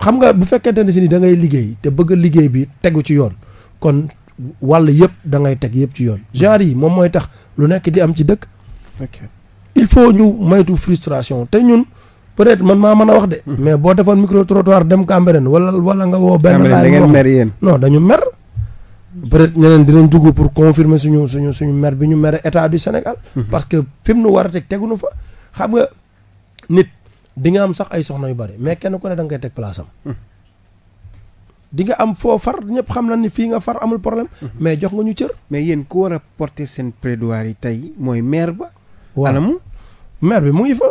xam nga bu fekkee ne si ni da ngay liggéey te bëgg liggéey bi tegu ci yoon kon wàll yëpp da ngay teg yëpp ci yoon genre yi moom mooy tax lu nekk di am ci dëkk il faut ñu moytu frustration te ñun peut-être man maa mën a wax de hmm. mais boo defoon micro trottoir dem Cambérène wala wala nga woo benn da ngeen mer yéen non dañu mer peut-être ñeneen dinañ dugg pour confirmer suñu suñu suñu mer bi ñu mere état du Sénégal hmm. parce que fi mu nu war a teg teguñu fa xam nga nit di nga am sax ay soxna yu bari mais kenn ku ne da nga koy teg place am hmm. di nga am foo far ñëpp xam na ni fii nga far amul problème. Mhm. mais jox nga ñu cër. mais yéen ku war a porter seen plaidoirie yi tey mooy maire ba. wala mu maire bi mu ngi fa.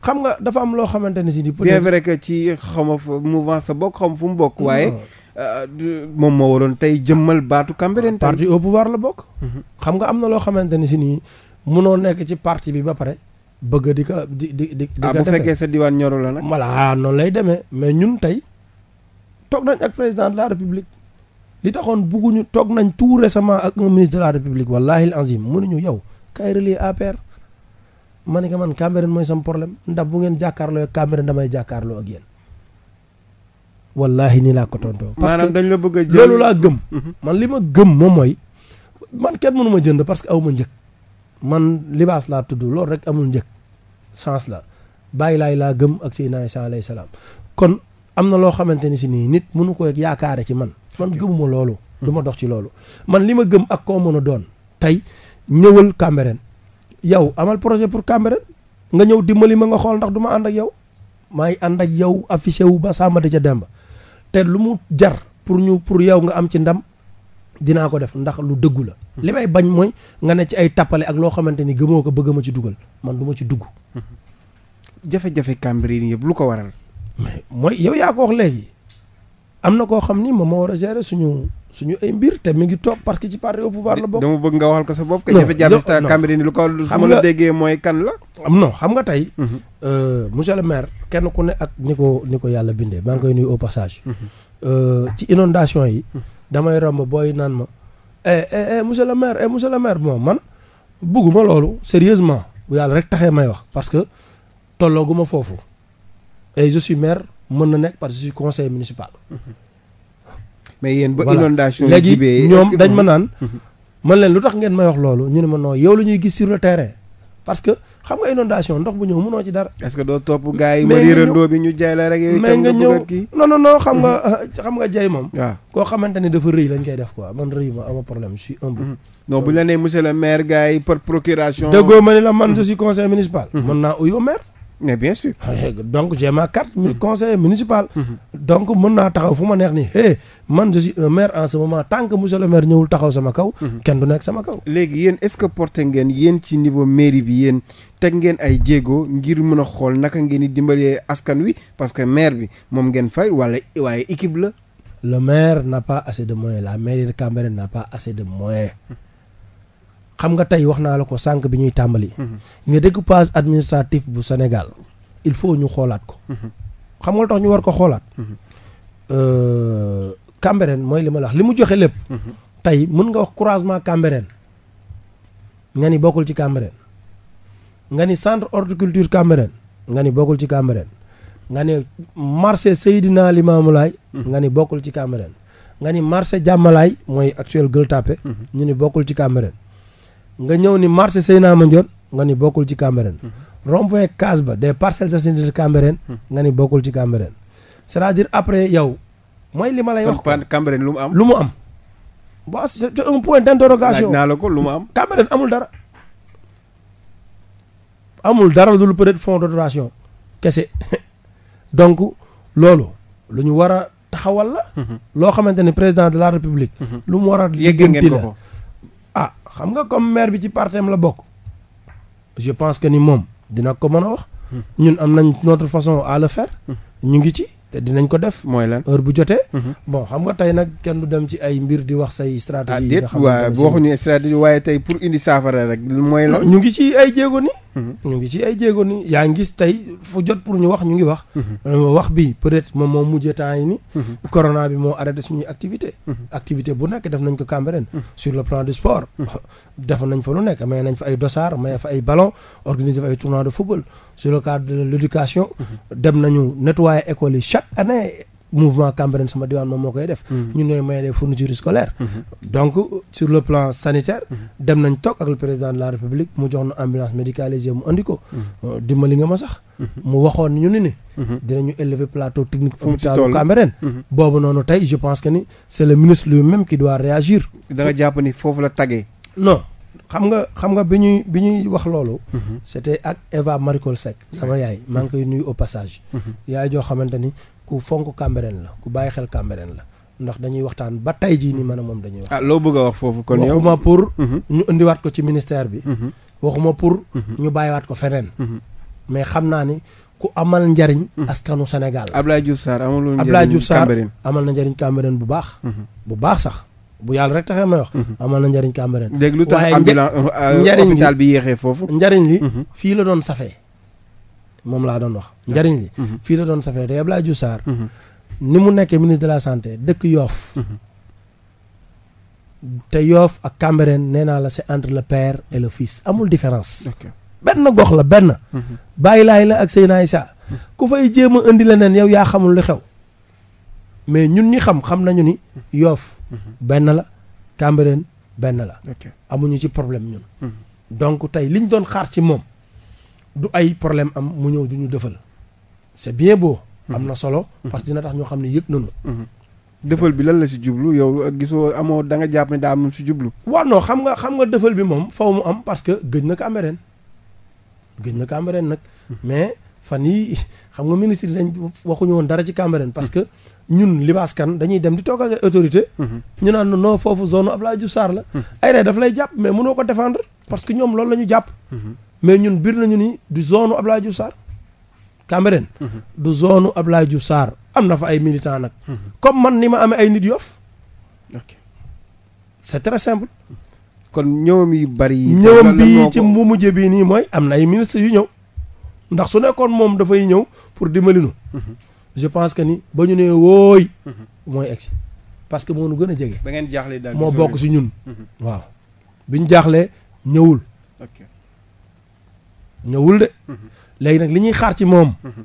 xam nga dafa am loo xamante ne si di. bien vrai que ci xaw ma mouvement sa bokk xaw fu mu bokk. waaye euh, moom moo waroon tey jëmmal baatu Cambérène. parti au pouvoir la bokk. Mhm. xam nga am na loo xamante ne si nii munoo nekk ci parti bi ba pare bëgg di ko di di di. di ah, ko defee bu fekkee diwaan ñoru la nag. voilà noonu lay demee mais ñun tey toog nañ ak président de la république li taxoon bugguñu toog nañ tout récemment ak un ministre de la république wallahi al azim ñu yow kay relier APR ma ne ka man Cambérène mooy sam problème ndax bu ngeen jàkkaarloo ak damay jàkkaarloo ak yéen wallahi nii laa ko tontoo parce que dañ la bëgg a jël loolu gëm mhm. man li ma gëm moom mooy man kenn ma jënd parce que aw ma njëg man libaas laa tudd loolu rek amul njëg chance la bàyyi laay laa gëm ak Seydina Isa alayhi salaam am na loo xamante ni si nii nit mënu ko yaakaare ci man man gëmuma loolu hmm. du ma dox ci loolu man li ma gëm ak koo mën a doon tey ñëwal Cambérène yow amal projet pour Cambérène nga ñëw dimbali ma nga xool ndax du ma ànd ak yow maay ànd ak yow affiché wu ba Samba ca Demba te lu mu jar pour ñu pour yow nga am ci ndam dinaa ko def ndax lu dëggu la hmm. li may bañ mooy nga ne ci ay tappale ak loo xamante ni gëmoo ko bëgg ma ci dugal man du ma ci dugg hmm. jafe-jafe Cambérène lu ko waral mais mooy yow yaa ko wax léegi am na koo xam ni moom moo war a gérer suñu suñu ay mbir te mi ngi toog parce que ci parti au pouvoir la bokk. dama bëgg nga waxal ko sa bopp. non non jafe-jafe Cambérène lu ko su ma la déggee mooy kan la. am non xam nga tey. Mhm. Euh, monsieur le maire kenn ku ne ak ni ko ni ko yàlla bindee maa ngi koy nuyu au passage. Mhm. Euh, ci inondation yi. Mhm. damay romb booy naan ma. Eh, eh eh monsieur le maire eh monsieur le maire bon man bugguma loolu sérieusement bu yàlla rek taxee may wax parce que tollooguma foofu. et je suis maire mën na nekk parce que je suis conseiller municipal. mais yéen ba inondation yi jibee léegi ñoom dañ ma naan. Mhm. man leen lu tax ngeen may wax loolu ñu ne ma non yow la ñuy gis sur le terrain. parce que xam nga inondation ndox bu ñëw mënoo ci dara. est-ce que doo topp gars yi. mais bi ñu jaay la rek. yooyu mais nga ñëw non non xam nga mhm. [laughs] xam nga jay moom. koo xamante ne dafa rëy lañ koy def quoi man rëy ama problème je suis humble. Mhm. bu ñu la nee monsieur maire gars yi par procuration. déggoo ma mën naa uyoo mais bien sûr. [laughs] Eh, donc j'ai ma carte conseiller municipal. Mm-hmm. donc mën naa taxaw fu ma neex nii hey eh, man je suis un maire en ce moment tant que le maire ñëwul taxaw sama kaw. Mm-hmm. kenn du nekk sama kaw. léegi yéen est-ce que porté ngeen yéen ci niveau mairie bi yéen teg ngeen ay jéego ngir mën a xool naka ngeen di dimbalee askan wi parce que maire bi moom ngeen fay wala waaye équipe la. le maire n'a pas de moyens la mairie de Cambérène n'a pas assez de moyens. Mm-hmm. xam nga tey wax naa la ko sànq bi ñuy tàmbali. Mhm. nga ne découpage administratif bu Sénégal il faut ñu xoolaat ko. Mhm. xam nga tax ñu war ko xoolaat. Mhm. Euh, Cambérène mooy li ma la wax li mu joxe lépp. tey mën nga wax croisement Cambérène nga ni bokkul ci Cambérène nga ni centre horticulture Cambérène nga ni bokkul ci Cambérène nga ni marché Seydina Limamou Laye nga ni bokkul ci Cambérène nga ni marché Jàmmalaay mooy actuel Gueule Tapée ñu ni bokkul ci Cambérène nga ñëw ni marché Seyna Mandione nga ni bokkul ci Cambérène mhm. rond-point case ba des Parcelles Assainies de Cambérène mhm. nga ni bokkul ci Cambérène c'est-à-dire après yow mooy li ma lay wax ko lu mu am lu mu am waaw c'est un point d'interrogation laaj ko lu mu am Cambérène amul dara amul dara lu peut-être fonds de dotation kese [laughs] donc loolu lu ñu war a taxawal la mhm. loo xamante ne président de la république lu mu war a yegganti la xam nga comme maire bi ci partem la bokk je pense que ni moom dina ko mën a wax hmm. ñun am nañ notre façon à le faire hmm. ñu ngi ci te dinañ ko def mooy lan heure bu jotee hmm. bon xam nga tey nag kenn du dem ci ay mbir di wax say stratégie ah, déet waaw waxuñu stratégie waaye tey pour indi saafara rek mooy ñu ngi ci ay jéego nii Mhm. ñu ngi ci ay jéego ni yaa ngis gis tey fu jot pour ñu wax ñu ngi wax. Mhm. wax bi peut-être moom moo mujjee temps yi ni mhm. corona bi moo arrêté suñuy activité activité bu nekk def nañ ko Cambérène. sur le plan du sport. [laughs] def nañ fa lu nekk may nañ fa ay dossard may fa ay ballon organiser fa ay tournoi de football sur le cadre de l' éducation. dem nañu nettoyer école yi chaque année. mouvement Cambérène sama diwaan moo koy def. Mhm. ñun ñooy maye des fournitures scolaires. Mhm. donc sur le plan sanitaire. Mhm. dem nañ toog ak le président de la république mu jox nu ambulance médicalisée mu andi ko. Euh, dimbali nga ma sax. mu waxoon ñu ni ni. ñu élever plateau technique. fu mu taalu Cambérène. boobu noonu tey je pense que ni c' est le ministre lui-même qui doit réagir. da nga jàpp ni foofu la tàggee. no xam nga xam nga bi ñuy bi ñuy wax loolu. c' ak Eva Maricol Seck. sama yaay maa koy nuyu au passage. yaay xamante ni. ku fonk Cambérène la ku bàyyi xel Cambérène la ndax dañuy waxtaan ba tey jii ni man a moom dañuy wax. ah loo bëgg a wax foofu kon yow waxuma pour. Mhm. ñu indiwaat ko ci ministère bi. Mhm. waxuma pour. Mhm. ñu bàyyiwaat ko feneen. mais xam naa ni ku amal njariñ. askanu Sénégal. Abdoulaye Diouf Sarr amalul njariñ Cambérène amal na njariñ Cambérène bu baax. bu baax sax. bu yàlla rek taxee may wax. amal na njariñ Cambérène. dégg lu tax na euh, hôpital bi yéexee foofu. njariñ li fii la doon safee. moom laa doon wax njariñ li mhm. fii la doon safee te laa ju Sarr mhm. ni mu nekkee ministre de la santé dëkk yoof mhm. te yoof ak Cambérène nee naa la c'est entre le pair et le fils amul différence benn gox la benn bàyyilaay la ak naa Issa ku fay jéem a indi leneen yow yaa xamul lu xew mais ñun ñi xam xam nañu ni yoof benn la Cambérène benn la amuñu ci problème ñun donc tey liñ doon xaar ci moom du ay problème am mu ñëw du ñu defal c'est bien boo mhm. am na solo. Mhm. parce que dina tax ñoo xam ne yëg nañu. Mhm. dëfal bi lan la si jublu yow gisoo amoo da nga jàpp ne daa am si jublu. waaw non xam nga xam nga dëfal bi moom faw mu am parce que gëj na ko amee na ko nag. mais fan yii xam nga ministre yi dañ waxuñu woon dara ci Cambérène parce que ñun libaas kan dañuy dem di toog ak autorité. ñu naan non foofu zone laa Diouf Sarr la. ay rey daf lay jàpp mais munoo ko défendre parce que ñoom loolu la ñu jàpp. mais ñun biir nañu ni du zone Abdoulaye Diouf Sarr Cambérène mhm. du zone Abdoulaye Diouf Sarr am na fa ay militants nag mhm. comme man ni ma amee ay nit yoof ok c'est très simple kon ñëwam yi bari ñëwam bi ci mu mujj bii nii mooy am na ay ministres yu ñëw ndax su nekkoon moom dafay ñëw pour dimbali nu mhm. je pense que nii ba ñu nee wooy mooy egsi parce que moo nu gën a jege ba ngeen jaaxle daal moo bokk si ñun waaw bi ñu jaaxlee ñëwul ñëwul de. Mhm. léegi nag li ñuy xaar ci moom. Mhm.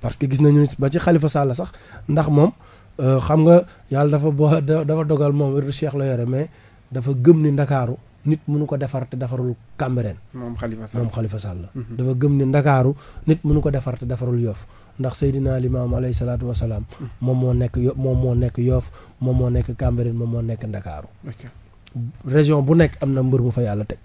parce que gis nañu ba ci xalifa Sall sax ndax moom euh, xam nga yàlla dafa boo dafa dogal moom wéru Cheikh la yore mais dafa gëm ni ndakaaru nit mënu ko defar te defarul Cambérène. moom Khalifa Sall moom Khalifa Sall mhm. dafa gëm ni ndakaaru nit mënu ko defar te defarul yoof ndax Seydina Limaam alayhi salaatu wa salaam. moom moo nekk yo moom moo nekk yoof moom moo nekk Cambérène moom moo nekk ndakaaru région bu nekk am na mbër mu fa yàlla teg.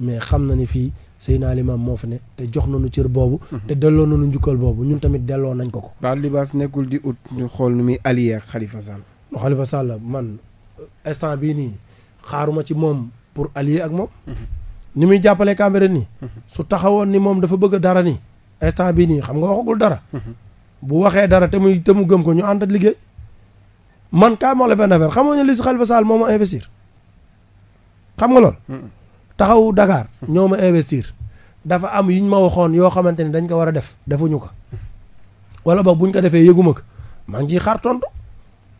mais xam na ni fii naa Limam moo fi ne te jox nañu cër boobu. Mhm. te delloo nañu njukkal boobu ñun tamit delloo nañ ko ko. daal libaas nekkul di ut ñu xool nu muy allié ak Khalifa Sall. Khalifa Sall man instant bii nii xaaruma ci moom pour allié ak moom. Mhm. ni muy jàppalee Cambérène nii. Mhm. su taxawoon ni moom dafa bëgg dara nii. instant bii nii xam nga waxagul dara. bu waxee dara te muy te mu gëm ko ñu ànd liggéey. man kaa ma wax la benn affaire xamoo ne li si Khalifa Sall moo xam nga lool. taxawu Dakar ñoo ma investir dafa am yu ma waxoon yoo xamante ni dañ ko war a def defuñu ko wala boog buñ ko defee yëguma ko maa ngi ciy xaar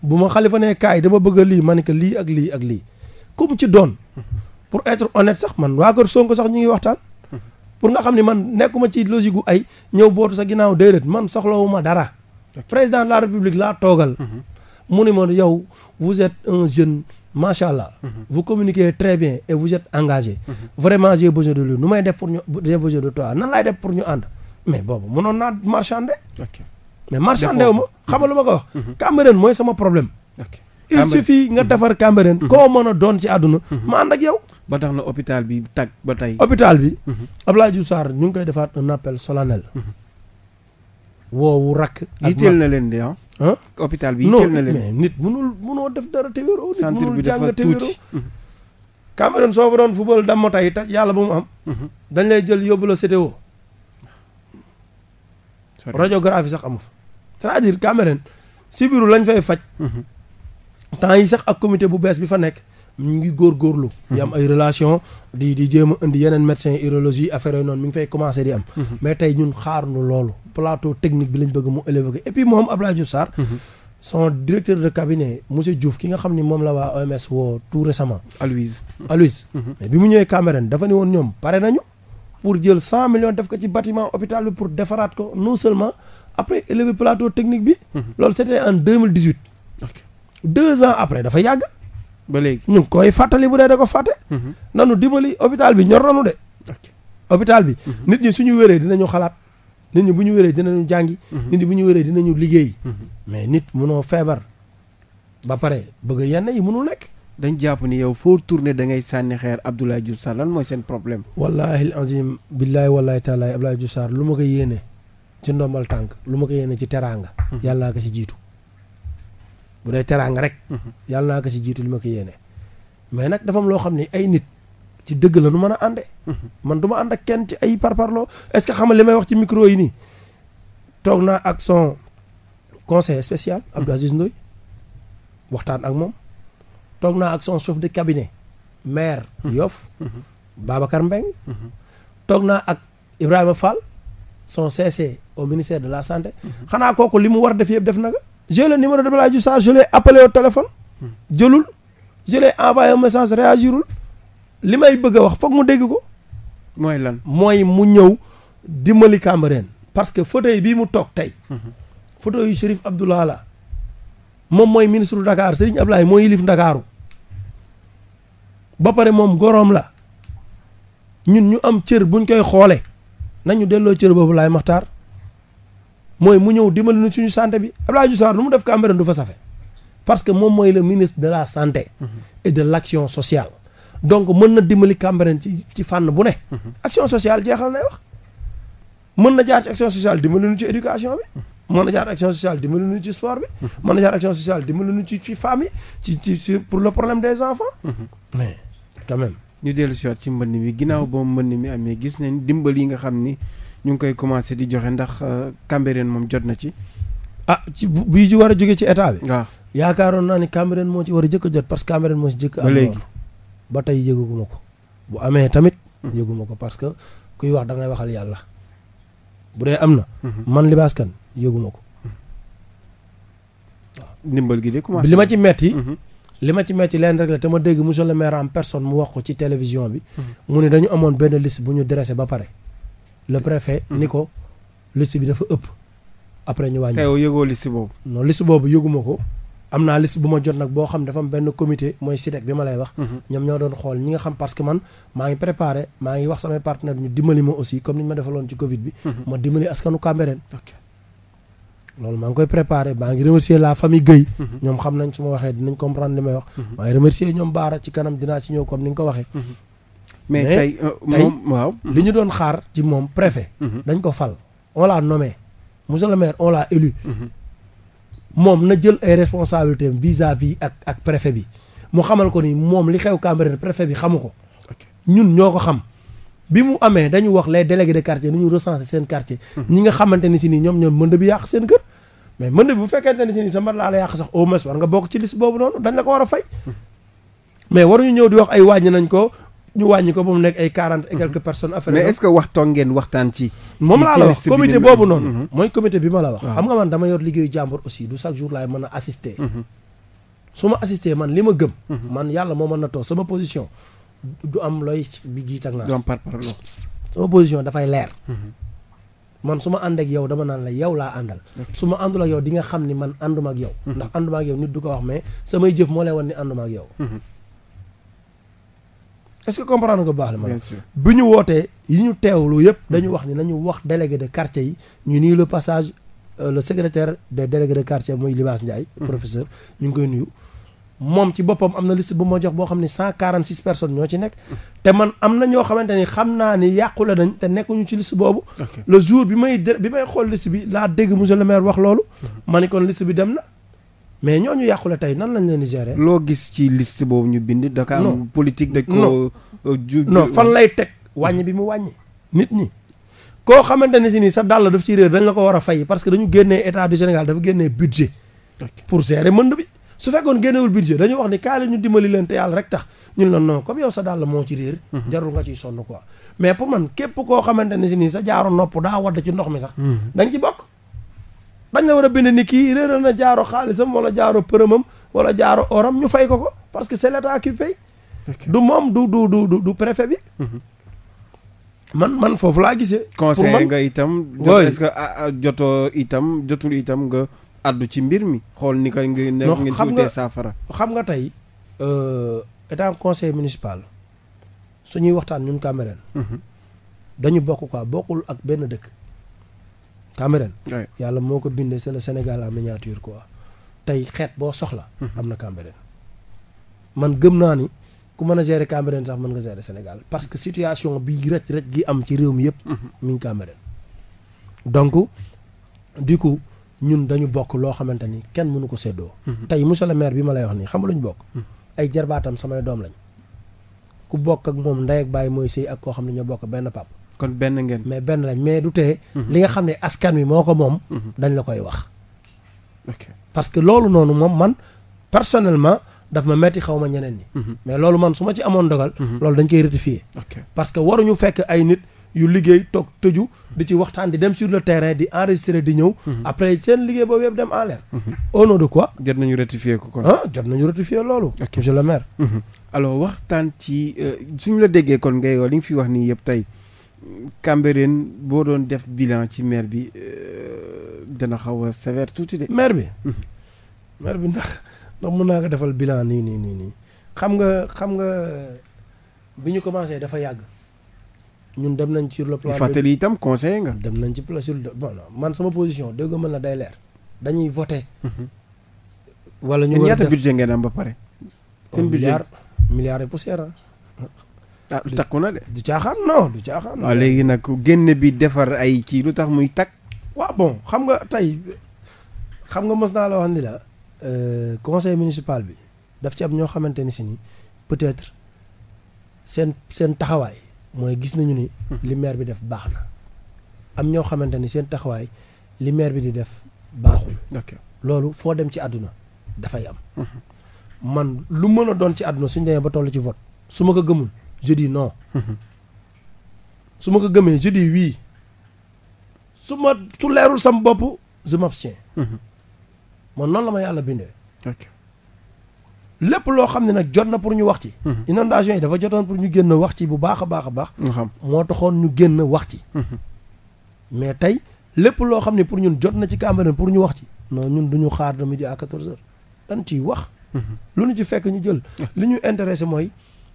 bu ma xalifa ne kaay dama bëgg lii ma ne ko lii ak lii ak lii comme ci doon pour être honnête sax man waa kër Sonko sax ñu ngi waxtaan pour nga xam ne man nekkuma ci logique gu ay ñëw bootu sa ginnaaw déedéet man soxlawuma dara président de la république laa toogal mhm. mu ne ma yow vous êtes un jeune macha allah. Mhm. vous communiquez très bien et vous êtes engagé. Mhm. vraiment j'ai besoin de lui nu may def pour ñu j'ai besoin de toi nan laay def pour ñu ànd mais boobu mënoon naa marchander. mais marchander wu ma xamal lu ma ko wax. Mhm. Cambérène mooy sama problème. il suffit nga defar Cambérène. koo mën a doon si àdduna. ma ànd ak yow. ba tax na hôpital bi tag ba tey. hôpital bi. Abdoulaye Diouf Sarr ñu ngi koy defaat un appel solennel. woowu rakk. ak yitteel na leen de ah. hum hôpital bi yitteel na leen mais nit munul munoo def dara te wéroo nit munul jàng te wéroo mhm. soo fa doon football dammo tay taj yàlla bu mu am mhm. dañ lay jël yóbbu la CTO radiographie sax amu fa cest sibiru lañ fay faj mhm. temps yi sax ak comité bu bees bi fa nekk ñu ngi góorgóorlu. di am ay relation di di jéem a indi yeneen médecin urologie affaire yooyu noonu mi ngi fay commencé di am. Mhm. mais tey ñun xaaruñu loolu plateau technique bi lañ bëgg mu élevé ko et puis moom Abdoulaye Diouf Sarr. Mhm. son directeur de cabinet monsieur Diouf ki nga xam ni moom la waa OMS woo tout récemment. Aloïse Aloïse. Mhm. mais bi mu ñëwee Cameroun dafa ne woon ñoom pare nañu. pour jël cent million def ko ci bâtiment hôpital bi pour defaraat ko non seulement après élevé plateau technique bi. loolu c'était en deux mille dix huit. deux ans après dafa yàgg. ba léegi ñu ngi koy fàttali bu dee da ko fàtte mhm. nanu dimbali hôpital bi ñor nanu de hôpital bi mhm. nit ñi suñu wéree dinañu xalaat nit ñi bu ñu wéree dinañu jàngi mhm. nit ñi bu ñu wéree dinañu liggéey mais nit munoo feebar ba pare bëgg yenn yi munul nekk dañ jàpp ni yow foo tourné da ngay sànni xeer Abdoulaye Diouf Sarr lan mooy seen problème wallahi azim billahi wallahi taalaay Abdoulaye Diouf Sarr lu ma ko yéene ci ndombal tànk lu ma ko yéene ci teraanga yàlla naa ko si bu dee teraanga rek. yàlla naa ko si jiitu lu ma ko yéene. mais nag defam loo xam ne ay nit ci dëgg la nu mën a ànde. man du ma ànd ak kenn ci ay par par parparloo est-ce que xam nga li may wax ci micro yi nii toog naa ak son conseiller spécial. Abdou Aziz Ndoye waxtaan ak moom. toog naa ak son chef de cabinet maire Yoff Babacar Mbengue toog naa ak Ibrahima Fall son CC au ministère de la santé xanaa kooku li mu war def yëpp def na j'ai le numéro de Abdoulaye Diouf Sarr je l'ai appelé au téléphone jëlul je l'ai envoyé un message réagirul li may bëgg a wax foog mu dégg ko mooy lan mooy mu ñëw dimbali Cambérène parce que fauteuil bii mu toog tey fauteuil yu Chérif Abdoulaye la moom mooy ministre du Dakar Serigne mooy yilif Ndakaaru ba moom goroom la ñun ñu am cër buñ koy xoole nañu delloo cër boobu laay maxtaar mooy mu ñëw dimbali nu suñu sante bi Abdoulaye Diouf Sarr lu mu def Cambérène du fa safe parce que moom mooy le ministre de la santé mhm. et de l'action sociale donc mën na dimbali Cambérène ci ci fànn bu ne mhm. action sociale jeexal nay wax mën na jaar ci action sociale dimbali nu ci éducation bi mhm. mën na jaar action sociale dimbali nu ci sport bi mën na jaar action sociale dimbali nu ci ci famille ci ci pour le problème des enfants mais quand même ñu dellu si waat ci mbënn mi ginnaaw boo mbënn mi amee gis nañ dimbal yi nga xam ni ñu ngi koy commencé di joxe ndax euh, Cambérène moom jot na ci. ah ci bu ji war a jógee ci état bi. waaw yaakaaroon naa ni Cambérène moo ci war a jëkk a jot parce que Cambérène moo ci jëkk. ba ba tey yëguma ko. bu amee tamit. Hmm. yëguma ko parce que kuy wax da ngay yàlla. bu dee am na. Hmm. man Libasse Kane yëguma ko. Hmm. ndimbal gi de commencé li ma ci metti li ma ci metti leen rek la te ma dégg monsieur le maire en personne mu wax ko ci télévision bi. mu ne dañu amoon benn liste bu ñu dressé ba pare. le préfet. Mhm. ni ko liste bi dafa ëpp. après ñu wàññi. tey yëgoo liste boobu. non liste boobu yëguma ko. am naa liste bu ma jot nag boo xam dafa am benn comité mooy SIDEC bi ma lay wax. Mhm. ñoom ñoo doon xool ñi nga xam parce que man maa ngi préparé maa ngi wax samay partenaire ñu dimbali ma aussi comme ni ñu ma defaloon ci Covid bi. Mhm. ma dimbali askanu Cambérène. loolu maa ngi koy préparé maa ngi remercier la famille Guèye. ñoom xam nañ su ma waxee dinañ comprendre li may wax. maa ñoom Baara ci kanam dinaa ci ñëw ni nga ko waxee. mais tey euh, tey waaw li ñu doon xaar ci moom préfet. dañ mhm. ko fal on l'a nommé monsieur le maire on l'a élu. Mhm. moom na jël ay responsabilités vis-à-vis ak ak préfet bi mu xamal ko ni moom li xew Cambérène préfet bi xamu ko. ñun ñoo ko xam. bi mu amee dañu wax les délégués de quartier nu ñu recenser seen quartier. Mhm. ñi nga xamante ni si nii ñoom ñoom mënd bi yàq seen kër. mais mënd bi bu fekkente ni si nii sa mën laa la yàq sax au moins war nga bokk ci liste boobu noonu dañ la ko war a fay. mais waruñu ñëw di wax ay wàññi nañ ko ñu wàññi ko ba mu nekk ay quarante et mhm. quelques personnes affaire mais est-ce que waxtoon ngeen waxtaan ci moom laa la wax comité boobu noonu mhm. mooy comité bi ma la wax xam nga man dama yor a mhm. su ma assister man li ma gëm man yàlla moo mën na toog sama position du am looy bi gii tag naas par par dafay leer man su ma ànd yow dama naan la yow laa àndal su ma àndul ak yow di nga xam ni man ànduma ak yow ndax ànduma ak yow nit du ko wax mais samay jëf moo lay wan ni ànduma ak yow est-ce que comprendre nga baax la ma bi ñu wootee yi ñu teewlu yëpp dañu wax ni nañu wax délégué de quartier yi ñu nuyu le passage euh, le secrétaire de délégués de quartier muy Libaas Ndiaye mm. professeur ñu ngi koy nuyu moom ci boppam am na liste bu ma jox boo xam ne cent quarante six personnes ñoo ci nekk te man am na ñoo xamante ni xam naa ni yàqula nañ te nekkuñu ci liste boobu le jour bi may bi may xool liste bi laa dégg monsieur le maire wax loolu mm-hmm. ma ni kon liste bi dem na mais ñooñu yàqule tey nan lañ leen di gérer. loo gis ci list boobu ñu bind. Dakar politique dañ ko euh, ju non fan euh, lay teg wàññi bi mu wàññi nit ñi. koo xamante ne si ni sa dàll daf ci réer dañ la ko war a fay parce que dañu génnee état du Sénégal dafa génnee budget pour gérer mënd bi su fekkoon génnewul budget dañu wax ni kaa ñu dimbali leen te yàlla rek tax ñun la non comme yow sa dàll moo ci réer mhm. jarul nga ciy sonn quoi mais pour man képp koo xamante ne si ni sa jaaro nopp daa wadd ci ndox mi sax mhm. da ci bokk dañ la war a bind ni kii réeral na jaaro xaalisam wala jaaro përëmam wala jaaro oram ñu fay ko ko parce que c'est l'État qui paye du moom du du du du préfet bi mhm. man man foofu laa gisee man nga itam est-ce que jotoo itam jotul itam nga àddu ci mbir mi xool ni koy ngeen ci wutee saafara xam nga tey euh, étant conseil municipal suñuy waxtaan ñun Cambérène mhm. dañu bokk quoi bokkul ak benn dëkk Cambérène yàlla moo ko bindee c'est le Sénégal en miniature tey xeet boo soxla mhm. am na Cambérène man gëm naa ni ku mën a gérer Cambérène sax mën nga gérer Sénégal parce que situation bii rëcc rëcc gi am ci réew mi yëpp mhm. mi ngi Cambérène donc du coup ñun dañu bokk loo xamante ni kenn mënu ko séddoo mhm. tey monsieur le bi ma lay wax nii xam nga lu ñu bokk ay jarbaatam samay doom lañ ku bokk ak moom ndey ak baay mooy sëy ak koo xam ne ñoo bokk benn pap kon benn ngeen. mais benn lañ mais du tee. Mhm. li nga xam ne askan wi moo ko moom. Mhm. dañ la koy wax. parce que loolu noonu moom man personnellement daf ma metti xaw ma ñeneen yi mhm. mais loolu man su ma ci amoon dogal. loolu dañ koy rectifier. parce que waruñu fekk ay nit. yu liggéey toog tëju di ci waxtaan di dem sur le terrain di enregistrer di ñëw. après seen liggéey boobu yëpp dem en l'air. au nom de quoi. jot nañu ratifier ko kon. Ah jot nañu ratifier loolu. monsieur le maire. alors waxtaan ci euh, suñu la déggee kon ngay li nga fi wax nii yëpp tey. Cambérène boo doon def bilan ci maire bi euh, dana xaw a sévère tuuti de. maire bi. Hmm. maire bi ndax ndax mun naa ko defal bilan nii nii nii nii xam nga xam nga bi ñu commencé dafa yàgg. ñun dem nañ sur le plan. fàttali itam conseiller nga. dem nañ ci plan sur le man sama position dégg mën la day leer. dañuy voté. Hmm. wala ñu war a def ñaata budget ngeen am ba pare. seen budget milliard milliard et ah lu na de. du caaxaan non du caaxaan. waaw ah, léegi nag génne bi defar ay kii lu muy takk. waaw bon xam nga tey xam nga mës naa la wax ni la euh, conseil municipal bi daf ci am ñoo xamante ni si peut-être seen seen taxawaay mooy gis nañu ni. li maire bi def baax na. am ñoo xamante ni seen taxawaay li bi di def baaxul. loolu foo dem ci àdduna dafay am. Mhm. man lu mën a doon ci àdduna suñ demee ba toll ci vote su ma ko gëmul. je dis su ma ko gëmee je dis su ma su leerul sama bopp je m'abstiens. man noonu la ma yàlla bindee. lépp loo xam ne nag jot na pour ñu wax ci. Mhm. inondation yi dafa jotoon pour ñu génn wax ci bu baax a baax a baax. moo taxoon ñu génn wax ci. Mhm. mais tey lépp loo xam ne pour ñun jot na ci Cambérène pour ñu wax ci. non ñun du ñu xaar de midi à 14h dañ ciy wax. Mhm. lu ñu ci fekk ñu jël. li ñu intéressé mooy.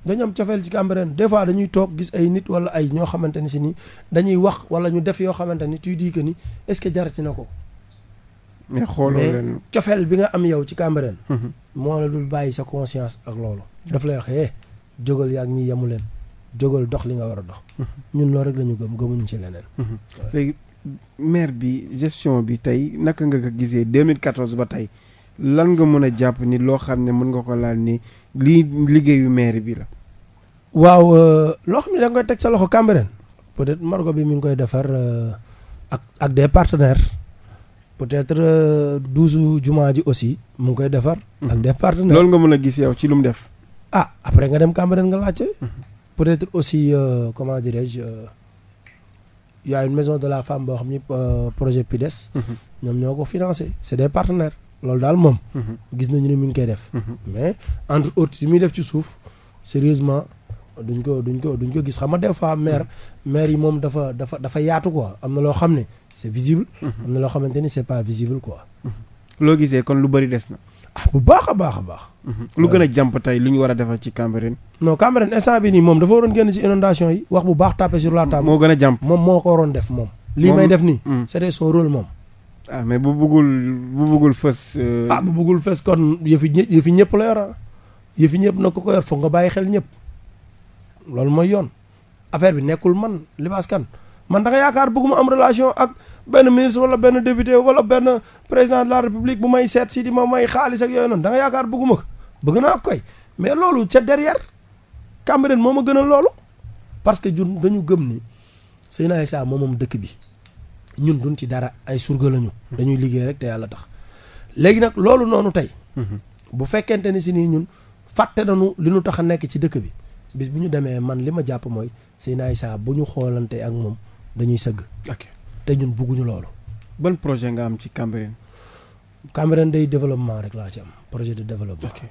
dañu am cofeel ci des fois dañuy toog gis ay nit wala ay ñoo xamante ni si ni dañuy wax wala ñu def yoo xamante ni tu dis ni est-ce que jar ci ko. mais xooloo leen bi nga am yow ci Cambérène. Mhm. moo la dul bàyyi sa conscience ak loolu. daf lay wax eh jógal yaa ngi ñiy yemu leen jógal dox li nga war a dox. Mhm. ñun loolu rek la ñu gëm gëmuñu ci leneen. Mhm. léegi maire bi gestion bi tey naka nga ko gisee 2014 ba tey lan nga mën a jàpp ni loo xam ne mën nga ko laal ni lii liggéeyu maire bi la. waaw euh, loo xam ne da nga koy teg sa loxo Cambérène peut-être Margo bi mi ngi koy defar euh, ak ak des partenaires peut-être euh, douze jumaa ji aussi mu ngi koy defar. Mhm. ak des partenaires loolu nga mën a gis yow ci lu mu def. ah après nga dem Cambérène nga laajte. Mhm. peut-être aussi euh, comment dirais-je euh, y a une maison de la femme boo xam ni projet PIDES. Mhm. ñoom ñoo ko financé c'est des partenaires. loolu daal moom. gis nañu ne mi ngi koy def. mais entre autres muy def ci suuf sérieusement duñ ko duñ ko duñ ko gis xam nga des fois maire maire yi moom dafa dafa dafa yaatu quoi am na loo xam ne c'est visible mhm. am na loo xamante ni c'est pas visible quoi mhm. loo gisee kon lu bari des na ah bu baax a baax a baax mhm. lu gën a jàmp tey lu ñu war a defar ci Cambérène no Cambérène instant bi nii moom dafa waroon génn ci inondation yi wax bu baax tapé sur la table moo gën a jàmp moom moo ko waroon def moom lii may def nii c'était son rôle moom ah mais bu bëggul bu bëggul fës euh, a ah, bu fës kon yëfi yëfi ñëpp la yor ah. yëfi ñëpp na ko foog nga bàyyi xel ñëpp loolu mooy yoon affaire bi nekkul man Libasse Kane man da yaakaar bëgguma am relation ak benn ministre wala benn député wala benn président de la république bu may seet si di ma may xaalis ak yooyu noonu da nga yaakaar bëgguma ko bëgg naa koy mais loolu ca derrière Cambérène moo ma gën a loolu parce que jun dañu gëm ni Seydina Issa moom moom dëkk bi ñun duñ ci dara ay surga lañu dañuy liggéey rek te yàlla tax léegi nag loolu noonu tey mhm. bu fekkente ni si nii ñun fàtte nañu li ñu tax a nekk ci dëkk bi bis bu ñu demee man li ma jàpp mooy Seydina Issa bu ñu xoolante ak moom dañuy sëgg. ok te ñun bugguñu loolu. ban projet nga am ci Cambérène. Cambérène day développement rek laa ci am projet de développement. ok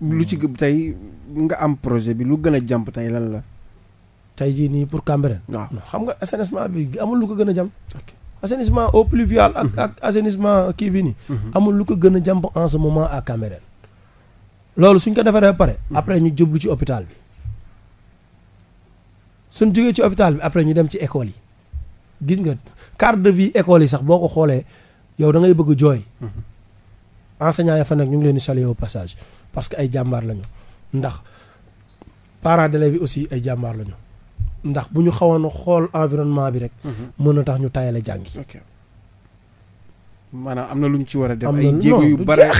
lu ci tey nga am projet bi lu gën a jàmp tey lan la. tey jii nii pour Cambérène. waaw xam nga assainissement bi amul lu ko gën a jàmp. assainissement eau pluviale ak mhm. ak assainissement kii bi nii. Mhm. amul lu ko gën a jàmp en semoment moment à Cambérène. loolu suñ ko defaree ba pare. Mhm. après ñu jublu ci hôpital bi. suñ jógee ci hôpital bi après ñu dem ci école yi gis nga cadre de vie école yi sax boo ko xoolee yow da ngay bëgg jooy mhm. enseignant ya fa nag ñu ngi leen di saluer au passage parce que ay jàmbaar lañu ndax parents d'élèves yi aussi ay jàmbaar lañu ndax bu ñu xawoon xool environnement bi rek mhm. mën na tax ñu tayale jàngi maanaam am na lu ñu ci war a def. ay jéego yu bare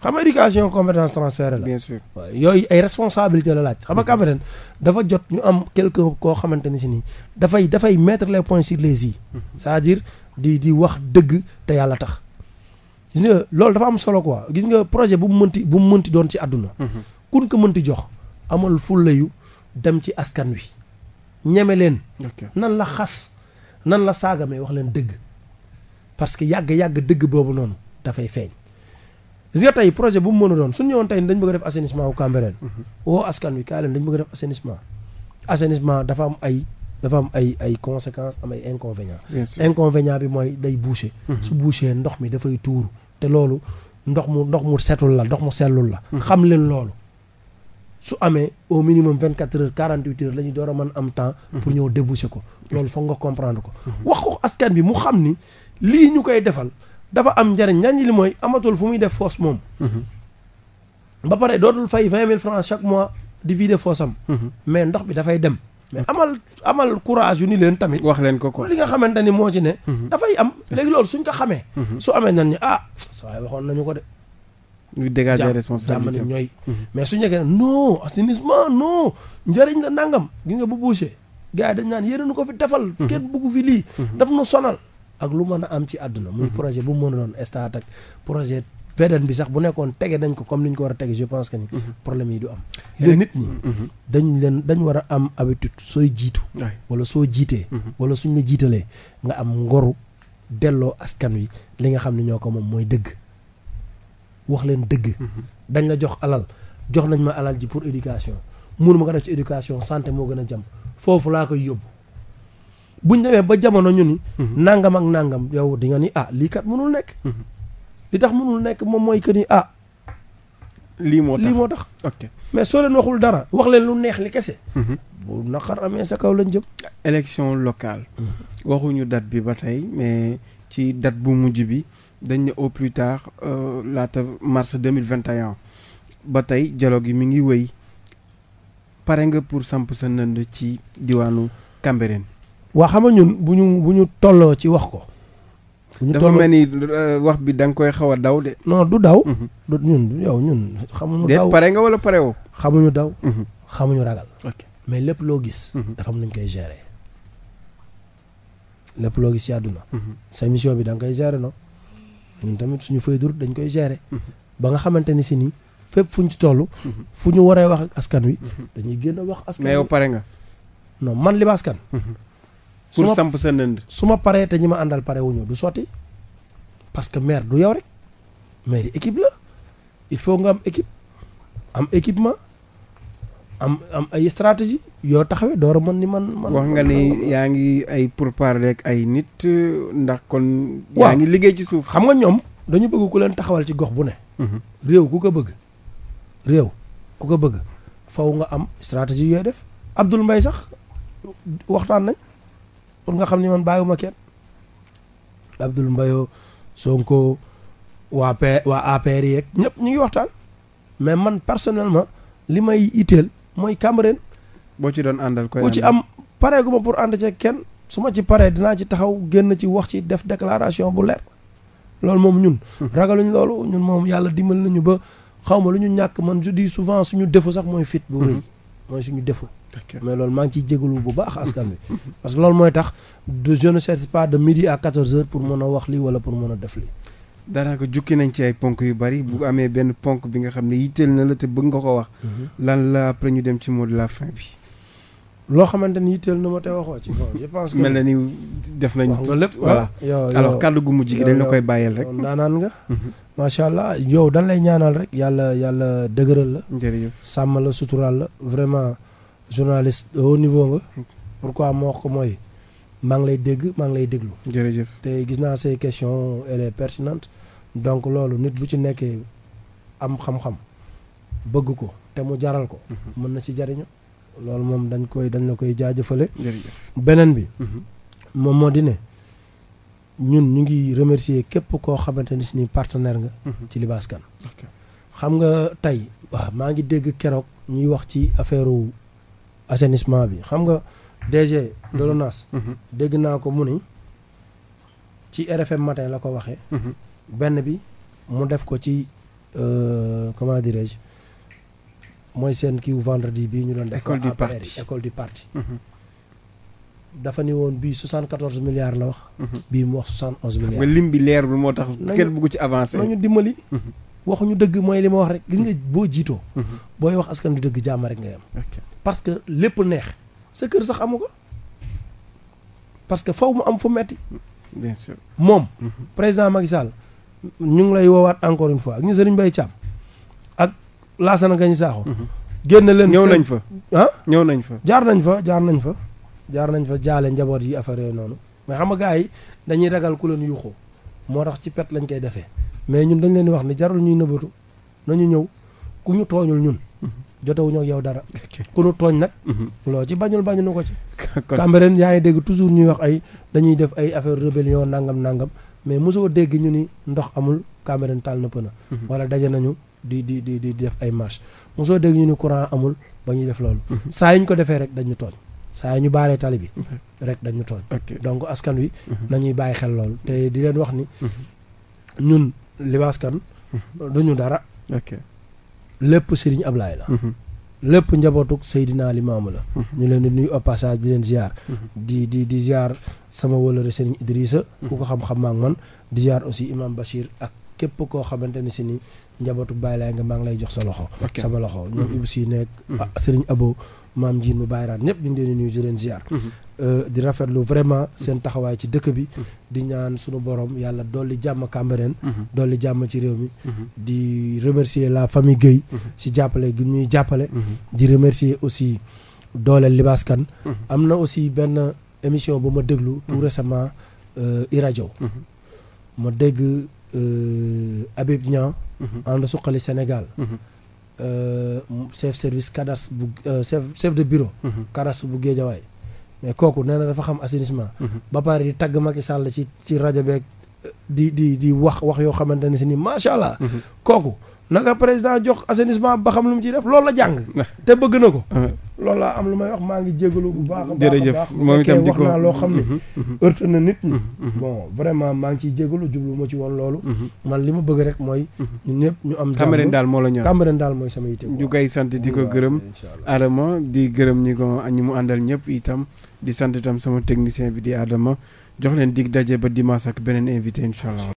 xam nga éducation compétence transfert la. yooyu ay responsabilité la laaj. xam nga Cambérène dafa jot ñu am quelque koo xamante ni si nii dafay dafay mettre les points sur les i. Mhm. c'est-à-dire di di wax dëgg te yàlla tax. gis loolu dafa am solo quoi gis nga projet bu mu mënti bu mu mënti doon ci àdduna. Mhm. kun ko mënti jox amal yu dem ci askan wi. ñeme leen. nan la xas nan la saagamee wax leen dëgg. parce que yàgg-yàgg dëgg boobu noonu dafay feeñ gis nga tey projet bu mu mën a doon su ñëwoon tey dañ bëgg a def assainissement wu Cambérène mhm. woo askan wi kaay leen dañ bëgg a def assainissement assainissement dafa am ay dafa am ay ay conséquences am ay inconvénients inconvénient bi mooy day boucher mhm. su boucher ndox mi dafay tuur te loolu ndox mu ndox mu setul la ndox mu sellul la mhm. xam leen loolu su amee au minimum vingt quatre heures quarante huit heures la ñu door a mën am temps pour ñëw déboucher ko loolu foog nga comprendre ko askan bi mu xam ni lii ñu koy defal dafa am njariñ njariñ li mooy amatul fu muy def foos moom mhm. ba pare dootul fay vingt mille francs chaque mois di vider foos am mhm. mais ndox bi dafay dem mais amal amal courage yu ni leen tamit wax leen ko li nga xamante ni moo ci ne mhm. dafay am léegi loolu suñ ko xamee su amee nan ni ah saa waxoon nañu ko de ñu dégager des responsabilités ñooy mais su ñekkee non assainissement non njëriñ la nangam gi nga bu bouché gars yi dañ naan yéen ko fi defal kenn bëggu fi lii daf nu sonal ak lu mën a am ci àdduna muy mhm. projet bu mu mën a doon état ak projet VDN bi sax bu nekkoon tegee nañ ko comme ni ñu ko war a tege je pense que ni mhm. problème yi du am gis nit ñi mhm. dañ leen dañu war a am habitude sooy jiitu wala soo jiitee wala suñ la jiitalee nga am ngoru delloo askan wi li nga xam ne ñoo ko moom mooy dëgg wax leen dëgg dañ la jox alal jox nañ ma alal ji pour éducation mënu ma ko def ci éducation santé moo gën a jëm foofu laa koy yóbbu buñ demee ba jamono ñu ni. Mhm. nangam ak nangam yow di nga ni ah lii kat mënul nekk. Mhm. li tax mënul nekk moom mooy que ni ah. lii moo tax lii moo ok mais soo leen waxul dara wax leen lu neex li kese. Mhm. bu naqar amee sa kaw lañ jëm. élection locale. waxuñu date bi ba tey mais ci date bu mujj bi dañ ne au plus tard euh, laata mars deux mille vingt et un ba tey dialogue gi mi ngi wéy pare nga pour samp sa nënd ci diwaanu Cambérène. waa xam nga ñun bu ñu bu ñu tolloo ci wax ko. dafa mel ni euh, wax bi da nga koy xaw a daw de. non du daw. Mhm. du ñun yow ñun. nga wala pare woo. xamuñu daw. Mhm. xamuñu ragal. mais lépp loo gis. Mhm. nañ koy gérer. lépp loo gis mission bi da nga koy gérer no ñun tamit suñu fay dañ koy gérer. ba nga xamante ni si nii fépp fu ñu ci toll. fu ñu waree wax ak askan wi. dañuy génn wax askan wi mais pare nga. non man li ma pour samp sa nënd su ma paree te ñi ma àndal pare wuñu du sotti parce que maire du yow rek maire équipe la il faut nga am équipe am équipement am am ay stratégie yoo taxawee door man ni man man wax nga ni yaa ngi ay pourparlers ak ay nit ndax kon yaa ngi liggéey ci suuf xam nga ñoom dañu bëgg ku leen taxawal ci gox bu ne mhm. réew ku ko bëgg réew bëgg faw nga am stratégie yooyu def Abdoul Mbaye sax waxtaan nañ pour nga xam ni man ma kenn Abdoul mbayoo Sonko waa P waa APR yeeg ñëpp ñu ngi waxtaan mais man personnellement li may itteel mooy Cambérène. boo ci doon àndal koy ci am pareegu ma pour ànd ce kenn su ma ci paree dinaa ci taxaw génn ci wax ci def déclaration bu leer loolu moom ñun. Hmm. ragaluñ loolu ñun moom yàlla dimbal nañu ba xaw ma lu ñu ñàkk man je dis souvent suñu défaut sax mooy fit bu rëy. mooy suñu defu mais loolu maa ngi ciy jégalu bu baax askan bi parce que loolu mooy tax de je ne pas de midi à quatorze heures pour mën a wax lii wala pour mën a def lii daanaka jukki nañ ci ay ponk yu bari bu amee benn ponk bi nga xam ne yitteel na la te bëgg nga ko wax mhm. lan la après ñu dem ci mot la fin bi loo xamante ni yitteel na ma te waxoo ci bon je pense mel na ni def nañ wax lépp voilà alors kàddu gu mujj gi dañ la koy bàyyeel rek. naanaan nga. Mhm. macha allah yow dañ lay ñaanal rek yàlla yàlla dëgëral la. jërëjëf sàmm la suturaal la vraiment journaliste au niveau nga. pourquoi moo ko mooy maa ngi lay dégg maa ngi lay déglu. jërëjëf te gis naa say question elle est pertinente donc loolu nit bu ci nekkee am xam-xam bëgg ko te mu jaral ko. Mhm. mën na ci jariñu loolu moom dañ koy dañ la koy jaajëfale. beneen bi. Mhm. moom moo di ne ñun ñu ngi remercier képp koo xamante ni suñuy partenaire nga. Mhm. ci Libaas xam nga tey waaw maa ngi dégg keroog ñuy wax ci affaire assainissement bi xam nga DG. Mhm. de dégg naa ko mu ni ci RFM matin la ko waxee. benn bi mu def ko ci euh, comment dirais-je. mooy seen kiiw vendredi bii ñu doon def école du parti école du parti mhm. dafa ni woon bii 74 milliards la wax mhm. bii mu wax 71 milliards nga lim bi leer bi moo tax kenn bëggu ci avancé nañu dimbali mhm. waxuñu dëgg mooy li ma wax rek li nga boo jiitoo booy wax askan du dëgg jàmm rek ngay am parce que lépp neex sa kër sax amu parce que faw mu am fu metti bien sûr moom président Macky Sall ñu ngi lay woowaat encore une fois ak ñu Serigne Mbaye Thiam Lassana Gagny Sakho. Mhm. génn leen ñëw nañ fa. ah ñëw nañ fa. jaar nañ fa jaar nañ fa. jaar nañ fa jaale njaboot yi affaire yooyu noonu mais xam nga gars yi dañuy ragal ku leen yuuxoo moo tax ci pet lañ koy defee mais ñun dañ leen di wax ne jarul ñuy nëbbatu nañu ñëw ku ñu tooñul ñun. Mhm. jotewuñu ak yow dara. ku ñu tooñ nag. Mhm. loo ci bañul bañu na ko ci. [laughs] Cambérène yaa ngi dégg toujours ñuy wax ay dañuy def ay affaire rébellion nangam nangam. mais mosoo dégg ñu ni ndox amul Cambérène taal na pëna mhm. wala daje nañu di di di di def ay marche mosoo dégg ñu ni courant amul ba ñuy def loolu mhm. saa yu ñu ko defee rek dañu tooñ saa yu ñu baaree tali bi rek dañu tooñ donc askan wi mhm. nañuy bàyyi xel loolu te di leen wax ni ñun li askan duñu dara lépp Serigne Ablaye la lépp njabootug Seydina Limaamu la mhm. ñu leen di nuyu au di leen ziar mhm. di di di ziar sama wëlëre Sëriñ Idrissa mhm. ku ko xam-xam maak man di ziar aussi Imam Bachir ak képp koo xamante ne si ni njabootu Baye Laay nga maa ngi lay jox sa loxo sama loxo ñoom Ibou si nekk Sëriñ Abo maam Njiin mu bàyyiraat ñëpp ñu ngi leen di nuyu di leen ziar. Mhm. Euh, di rafetlu vraiment seen taxawaay ci dëkk bi. Mhm. di ñaan sunu boroom yàlla dolli jàmm Cambérène. Mhm. dolli jàmm ci réew mi. di remercier la famille géey si jàppale gi ñuy jàppale. di remercier aussi dooleel Libaas Kan am na aussi benn émission bu ma déglu. tout sama euh, iRadio. ma dégg euh, Habib Niang. ànd suqali Sénégal. Euh, chef service cadastre bu euh, chef chef de bureau. Mhm. cadastre bu géejawaay mais kooku nee na dafa xam assainissement. Mhm. ba pare di tagg Macky Sall ci ci rajo beeg euh, di di di wax wax yoo xamante ne si ni macha allah. Mhm. kooku. naka président jox assainissement ba xam lu mu ciy def loolu la jàng. Ah. te bëgg na ko. Ah. lool laa am lu may wax maa ngi jégalu bu baax jërëjëf moom itam di ko loo xam ne. Mm-hmm. Mm-hmm. heurte na nit mm-hmm. bon vraiment maa ngi ciy jégalu jublu ma ci woon loolu. man li ma bëgg rek mooy. ñëpp ñu am. jàmm Cambérène daal moo la ñor Cambérène daal mooy sama yitte. ñu koy sant di ko gërëm. Adama di gërëm ñi ko ñi mu àndal ñëpp itam. di sant itam sama technicien bi di Adama jox leen dig daje ba dimanche ak beneen invité incha allah.